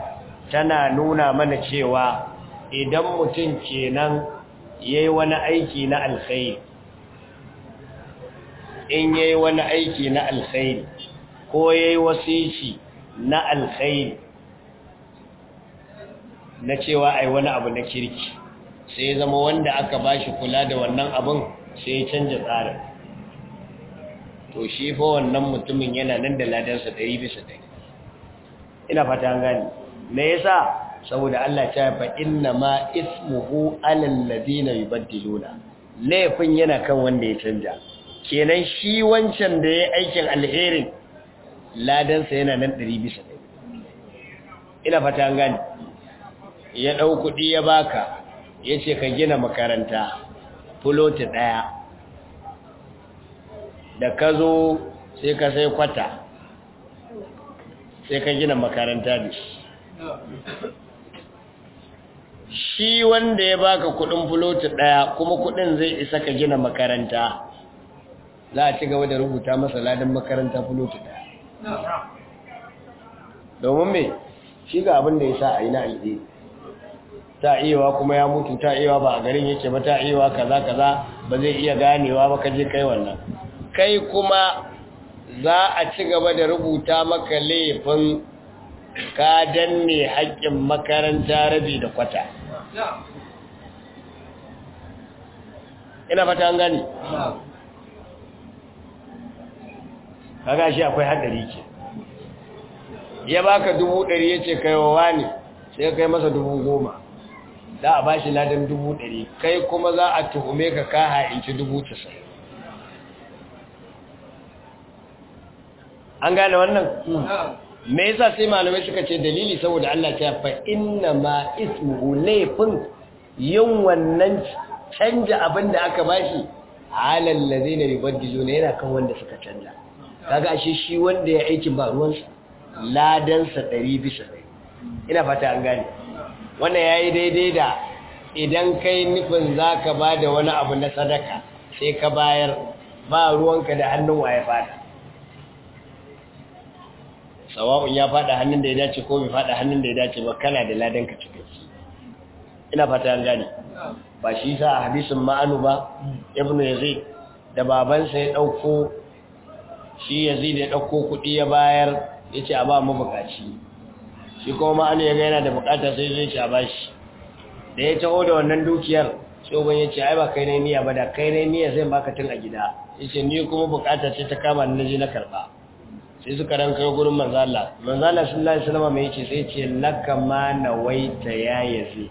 tana nuna mana cewa idan mutum kenan yi wani aiki na alkhairi in ya yi wani aiki na alkhairi ko ya wasu wasici na alkhairi na cewa ai wani abu na kirki sai zama wanda aka bashi kula da wannan abin sai ya canja tsarin to shi fa wannan mutumin yana nan da ladansa ɗari bisa ɗari ina fata an gani me yasa saboda Allah ta fa inna ma ismuhu alal ladina yubaddiluna laifin yana kan wanda ya canja kenan shi wancan da ya aikin alherin ladansa yana nan ɗari bisa ɗari ina fata an gani ya ɗau kuɗi ya baka ya ce ka gina makaranta fuloti ɗaya da ka zo sai ka sai kwata sai ka gina makaranta da shi shi wanda ya baka kudin fuloti ɗaya kuma kudin zai isa ka gina makaranta za a ci gaba da rubuta masa ladin makaranta fuloti ɗaya domin me shi ga abin da ya sa a yi na alheri ta iyawa kuma ya mutu ta iyawa ba a garin yake ba ta iyawa kaza kaza ba zai iya ganewa ba kaje kai wannan kai kuma za a ci gaba da rubuta maka laifin ka danne haƙƙin makaranta rabi da kwata ina fata an gani kaga shi akwai hadari ke ya baka dubu ɗari ya ce wa ne sai kai masa dubu goma za a bashi ladan dubu ɗari kai kuma za a tuhume ka ka ha'inci dubu tasa. an gane wannan me yasa sai malamai suka ce dalili saboda Allah ta fa inna ma ismuhu laifin yin wannan canja abin da aka bashi halal ladina ne yana kan wanda suka canja kaga ashe shi wanda ya aikin ba ruwansa ladansa ɗari bisa ɗari ina fata an gane wannan ya yi daidai da idan kai nufin za ka ba da wani abu na sadaka sai ka bayar ba ruwanka da hannun waye fada sawa'un ya fada hannun da ya dace ko bai fada hannun da ya dace ba kana da ladan ka su. ina fata an gane ba shi sa a hadisin ma'anu ba ibnu yazid da babansa ya dauko shi yazid ya dauko kuɗi ya bayar ya ce a ba mu bukaci shi kuma ma'anu ya ga yana da bukata sai zai ci a bashi da ya taho da wannan dukiyar shogon ya ce ai ba kai nai niyya ba da kai nai niyya zai baka tun a gida ya ce ni kuma bukata ce ta kama na je na karba sai suka kai gurin manzala manzala sallallahu alaihi wasallam mai yace sai ce laka ma na ta ya yaze.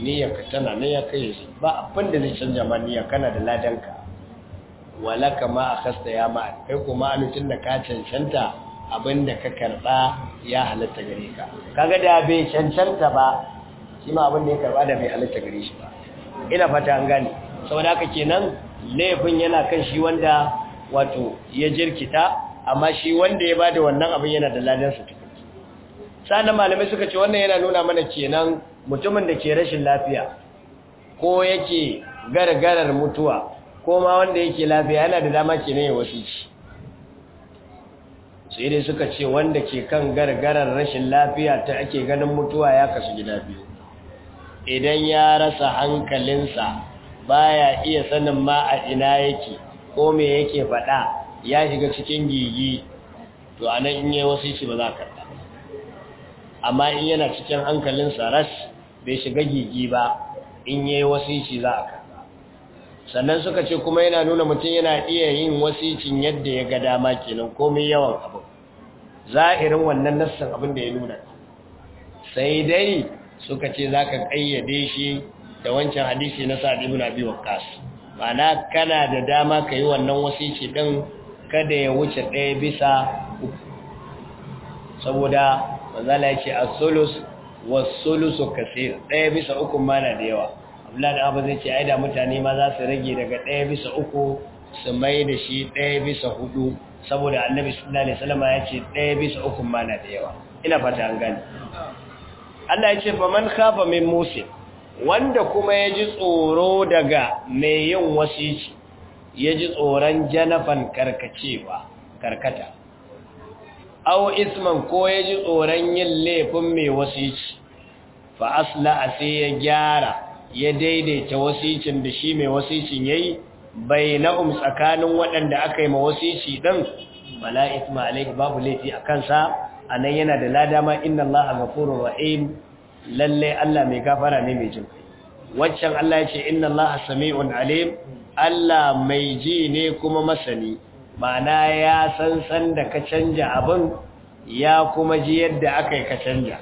niyya ka tana ne ya kai shi ba abin da zai canja ma niyya kana da ladanka walaka ma akhasta ya ma kai kuma alutin da ka cancanta abin da ka karɓa ya halatta gare ka kaga da bai cancanta ba shi ma abin da ya karɓa da bai halatta gare shi ba ina fata an gani saboda haka kenan laifin yana kan shi wanda wato ya jirkita amma shi wanda ya bada wannan abin yana da ladan su tukunci malamai suka ce wannan yana nuna mana kenan mutumin da ke rashin lafiya ko yake gargarar mutuwa ko ma wanda yake lafiya yana da dama kenan ya wasu shi sai dai suka ce wanda ke kan gargarar rashin lafiya ta ake ganin mutuwa ya kasu gida biyu idan ya rasa hankalinsa baya iya sanin ma a ina yake ko me yake faɗa ya shiga cikin gigi to anan in inye wasu shi ba za ka amma in yana cikin hankalinsa ras bai shiga gigi ba in wasu shi za ka sannan suka ce kuma yana nuna mutum yana iya yin wasicin yadda ya ga dama kenan komai yawan abu zahirin wannan nassan abin da ya nuna sai dai suka ce za ka ƙayyade shi da wancan hadisi na biyu ibn abi waqqas ma'ana kana da dama ka yi wannan wasici din kada ya wuce ɗaya bisa uku saboda manzala ya ce as-sulus was-sulusu kaseer ɗaya bisa uku mana da yawa da abu zai ce ai da mutane ma za su rage daga ɗaya bisa uku su mai da shi ɗaya bisa hudu saboda annabi sallallahu alaihi wasallam ya ce ɗaya bisa uku ma na da yawa ina fata an gani Allah ya ce fa man khafa min musi wanda kuma ya ji tsoro daga mai yin wasici ya ji tsoron janafan karkacewa karkata au isman ko ya ji tsoron yin laifin mai wasici fa asla sai ya gyara ya daidaita wasicin da shi mai wasicin bai bainahum tsakanin waɗanda aka yi ma wasici din bala isma alaihi babu laifi a kansa anan yana da lada ma inna allaha ghafurur rahim lallai Allah mai gafara ne mai jin waccan Allah ya ce inna allaha sami'un alim Allah mai ji ne kuma masani ma'ana ya san san da ka canja abin ya kuma ji yadda aka yi ka canja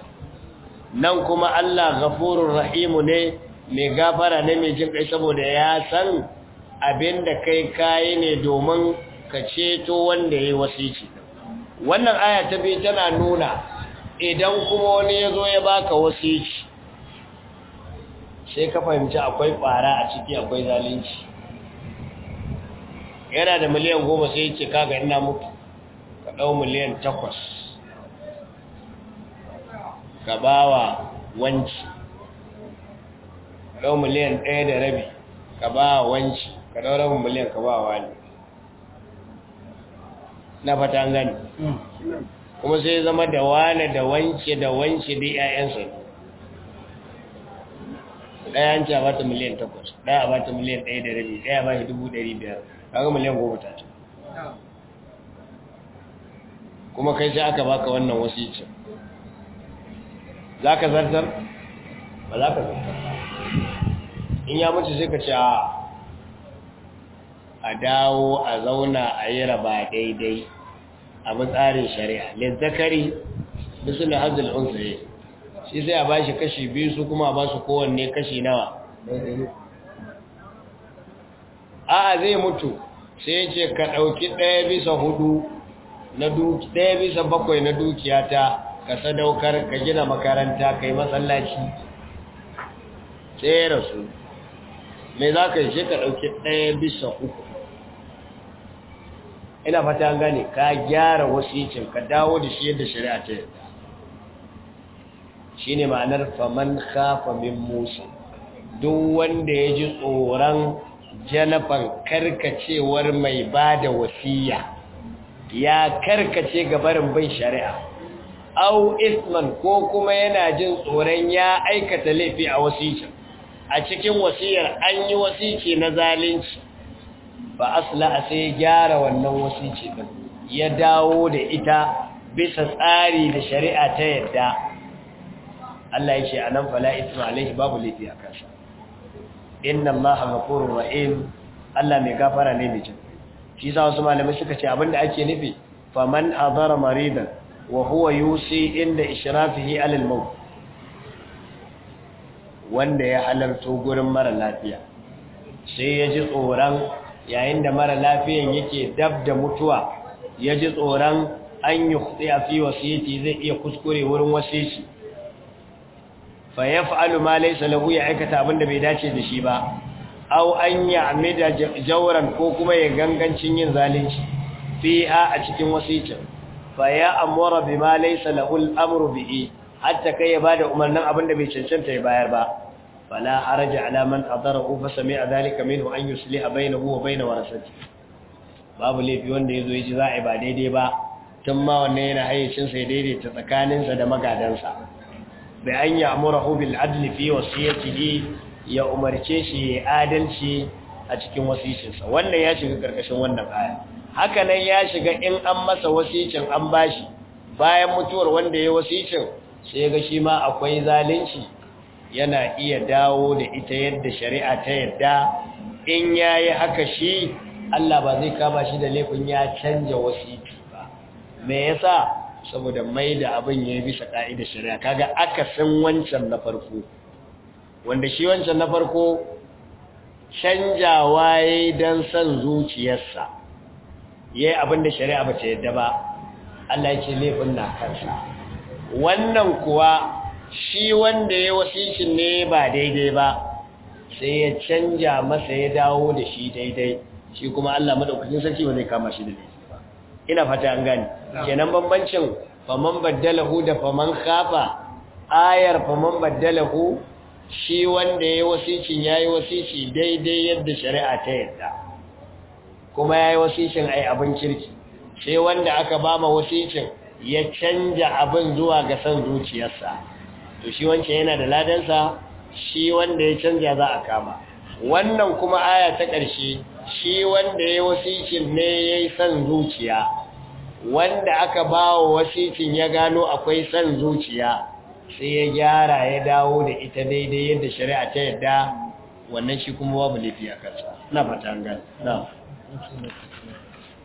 nan kuma Allah ghafurur rahimu ne mai gafara ne mai jin kai saboda ya san abin da kai kayi ne domin ka ceto wanda ya yi wasici wannan aya ta biyu tana nuna idan kuma wani ya zo ya baka wasici sai ka fahimci akwai ƙwara a ciki akwai zalunci yana da miliyan goma sai ce kaga ina mutu ka ɗau miliyan takwas ka bawa wanci ɗau miliyan ɗaya da rabi ka ba wanci ka ɗau rabin miliyan ka ba wani na fata gani mm. kuma sai zama da wane da wance da wance da ne ɗaya an ce a bata miliyan takwas ɗaya a bata miliyan ɗaya da rabi ɗaya ba shi dubu ɗari biyar kaga miliyan goma ta ce kuma kai sai aka baka wannan wasu ce za ka zartar ba za ka zartar in ya mutu sai ka ce a a dawo a zauna a yi raba daidai a tsarin shari'a lizzakari da suna hazil unsaye shi sai a bashi kashi biyu su kuma a basu kowanne kashi nawa a a zai mutu sai ce ka ɗauki ɗaya bisa hudu na ɗaya bisa bakwai na dukiyata ka sadaukar ka gina makaranta ka yi matsalaci tsere su mai za ka yi shi ka ɗauki ɗaya bisa uku ina fata an gane ka gyara wasicin ka dawo da shi yadda shari'a ta yi shi ne ma'anar faman kafa min duk wanda ya ji tsoron janafan karkacewar mai ba da wasiya ya karkace gabarin bin shari'a au isman ko kuma yana jin tsoron ya aikata laifi a wasicin a cikin wasiyar an yi wasiki na zalunci ba asla sai gyara wannan wasiki din ya dawo da ita bisa tsari da shari'a ta yadda Allah ya ce anan fala ismu alaihi babu laifi a kansa inna allaha ghafurur rahim Allah mai gafara ne mai jin shi sa wasu malamai suka ce abinda ake nufi faman adara maridan wa huwa yusi inda ishrafihi alal maut wanda ya halarto gurin mara lafiya sai ya ji tsoron yayin da mara lafiyan yake dab da mutuwa ya ji tsoron an yi kutse a fi wasiyeti zai iya kuskure wurin wasiyeci fa ya fa'alu ma laisa lahu ya aikata abin da bai dace da shi ba au an yi amida jauran ko kuma ya gangancin yin zalunci fi a a cikin wasiyecin fa ya amura bi ma laisa lahu al'amuru bi'i hatta kai ya ba da umarnin abin da bai cancanta ya bayar ba فلا حرج على من حضره فسمع ذلك منه أن يصلح بينه وبين ورثته babu laifi wanda ya zo ya ji za a ba daidai ba tun ma wannan yana hayyacinsa ya daidaita tsakaninsa da magadansa bai an yi amura hubil adli fi wasiyatihi ya umarce shi ya adalci a cikin wasicinsa wannan ya shiga karkashin wannan aya haka ya shiga in an masa wasicin an bashi bayan mutuwar wanda ya wasicin sai ga shi ma akwai zalunci yana iya dawo da ita yadda shari'a ta yadda in ya yi haka shi Allah ba zai kama shi da laifin ya canja wasiti ba me yasa saboda mai da abin ya yi bisa ka'idar shari'a kaga aka akasin wancan na farko wanda shi wancan na farko canjawa ya dan san zuciyarsa yayi abin da shari'a ba ta yadda ba Allah ya ce laifin na kansa wannan kuwa shi wanda ya wasishin ne ba daidai ba sai ya canja masa ya dawo da shi daidai shi kuma Allah madaukakin sarki ba zai kama shi da laifi ba ina fata an gani kenan bambancin faman baddalahu da faman khafa ayar faman baddalahu shi wanda ya wasishin yayi wasishi daidai yadda shari'a ta yadda kuma yayi wasishin ai abin kirki sai wanda aka bama wasicin ya canja abin zuwa ga san zuciyarsa to shi wancan yana da ladansa shi wanda ya canja za a kama wannan kuma aya ta ƙarshe shi wanda ya wasicin ne ya yi son zuciya wanda aka ba wa wasicin ya gano akwai son zuciya sai ya gyara ya dawo da ita daidai yadda shari'a ta yadda wannan shi kuma babu laifi a kansa na fatan gan na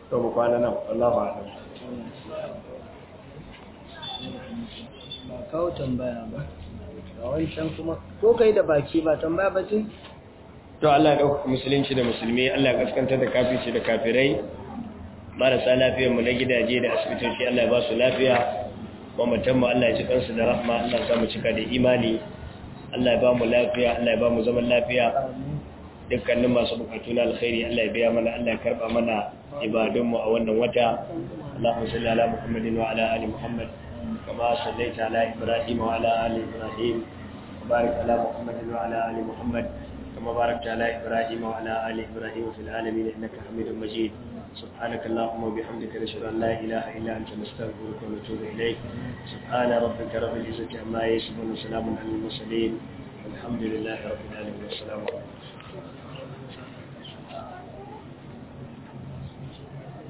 to ba kwana nan Allah ba kawo tambaya ba ga wancan kuma ko kai da baki ba tambaya ba ce to Allah ya ɗauka musulunci da musulmi Allah ya kaskantar da kafirci da kafirai marasa lafiyar mu na gidaje da asibitoci Allah ya ba su lafiya mamatan mu Allah ya ci kansu da rahma Allah ya mu cika da imani Allah ya ba mu lafiya Allah ya ba mu zaman lafiya dukkanin masu bukatu na alkhairi Allah ya biya mana Allah ya karba mana ibadunmu a wannan wata Allahumma salli ala Muhammadin wa ala ali Muhammad كما صليت على إبراهيم وعلى آل إبراهيم وبارك على محمد وعلى آل محمد كما باركت على إبراهيم وعلى آل إبراهيم في العالمين إنك حميد مجيد سبحانك اللهم وبحمدك نشهد أن لا إله إلا أنت نستغفرك ونتوب إليك سبحان ربك رب العزة عما يصفون وسلام على المرسلين والحمد لله رب العالمين والسلام عليكم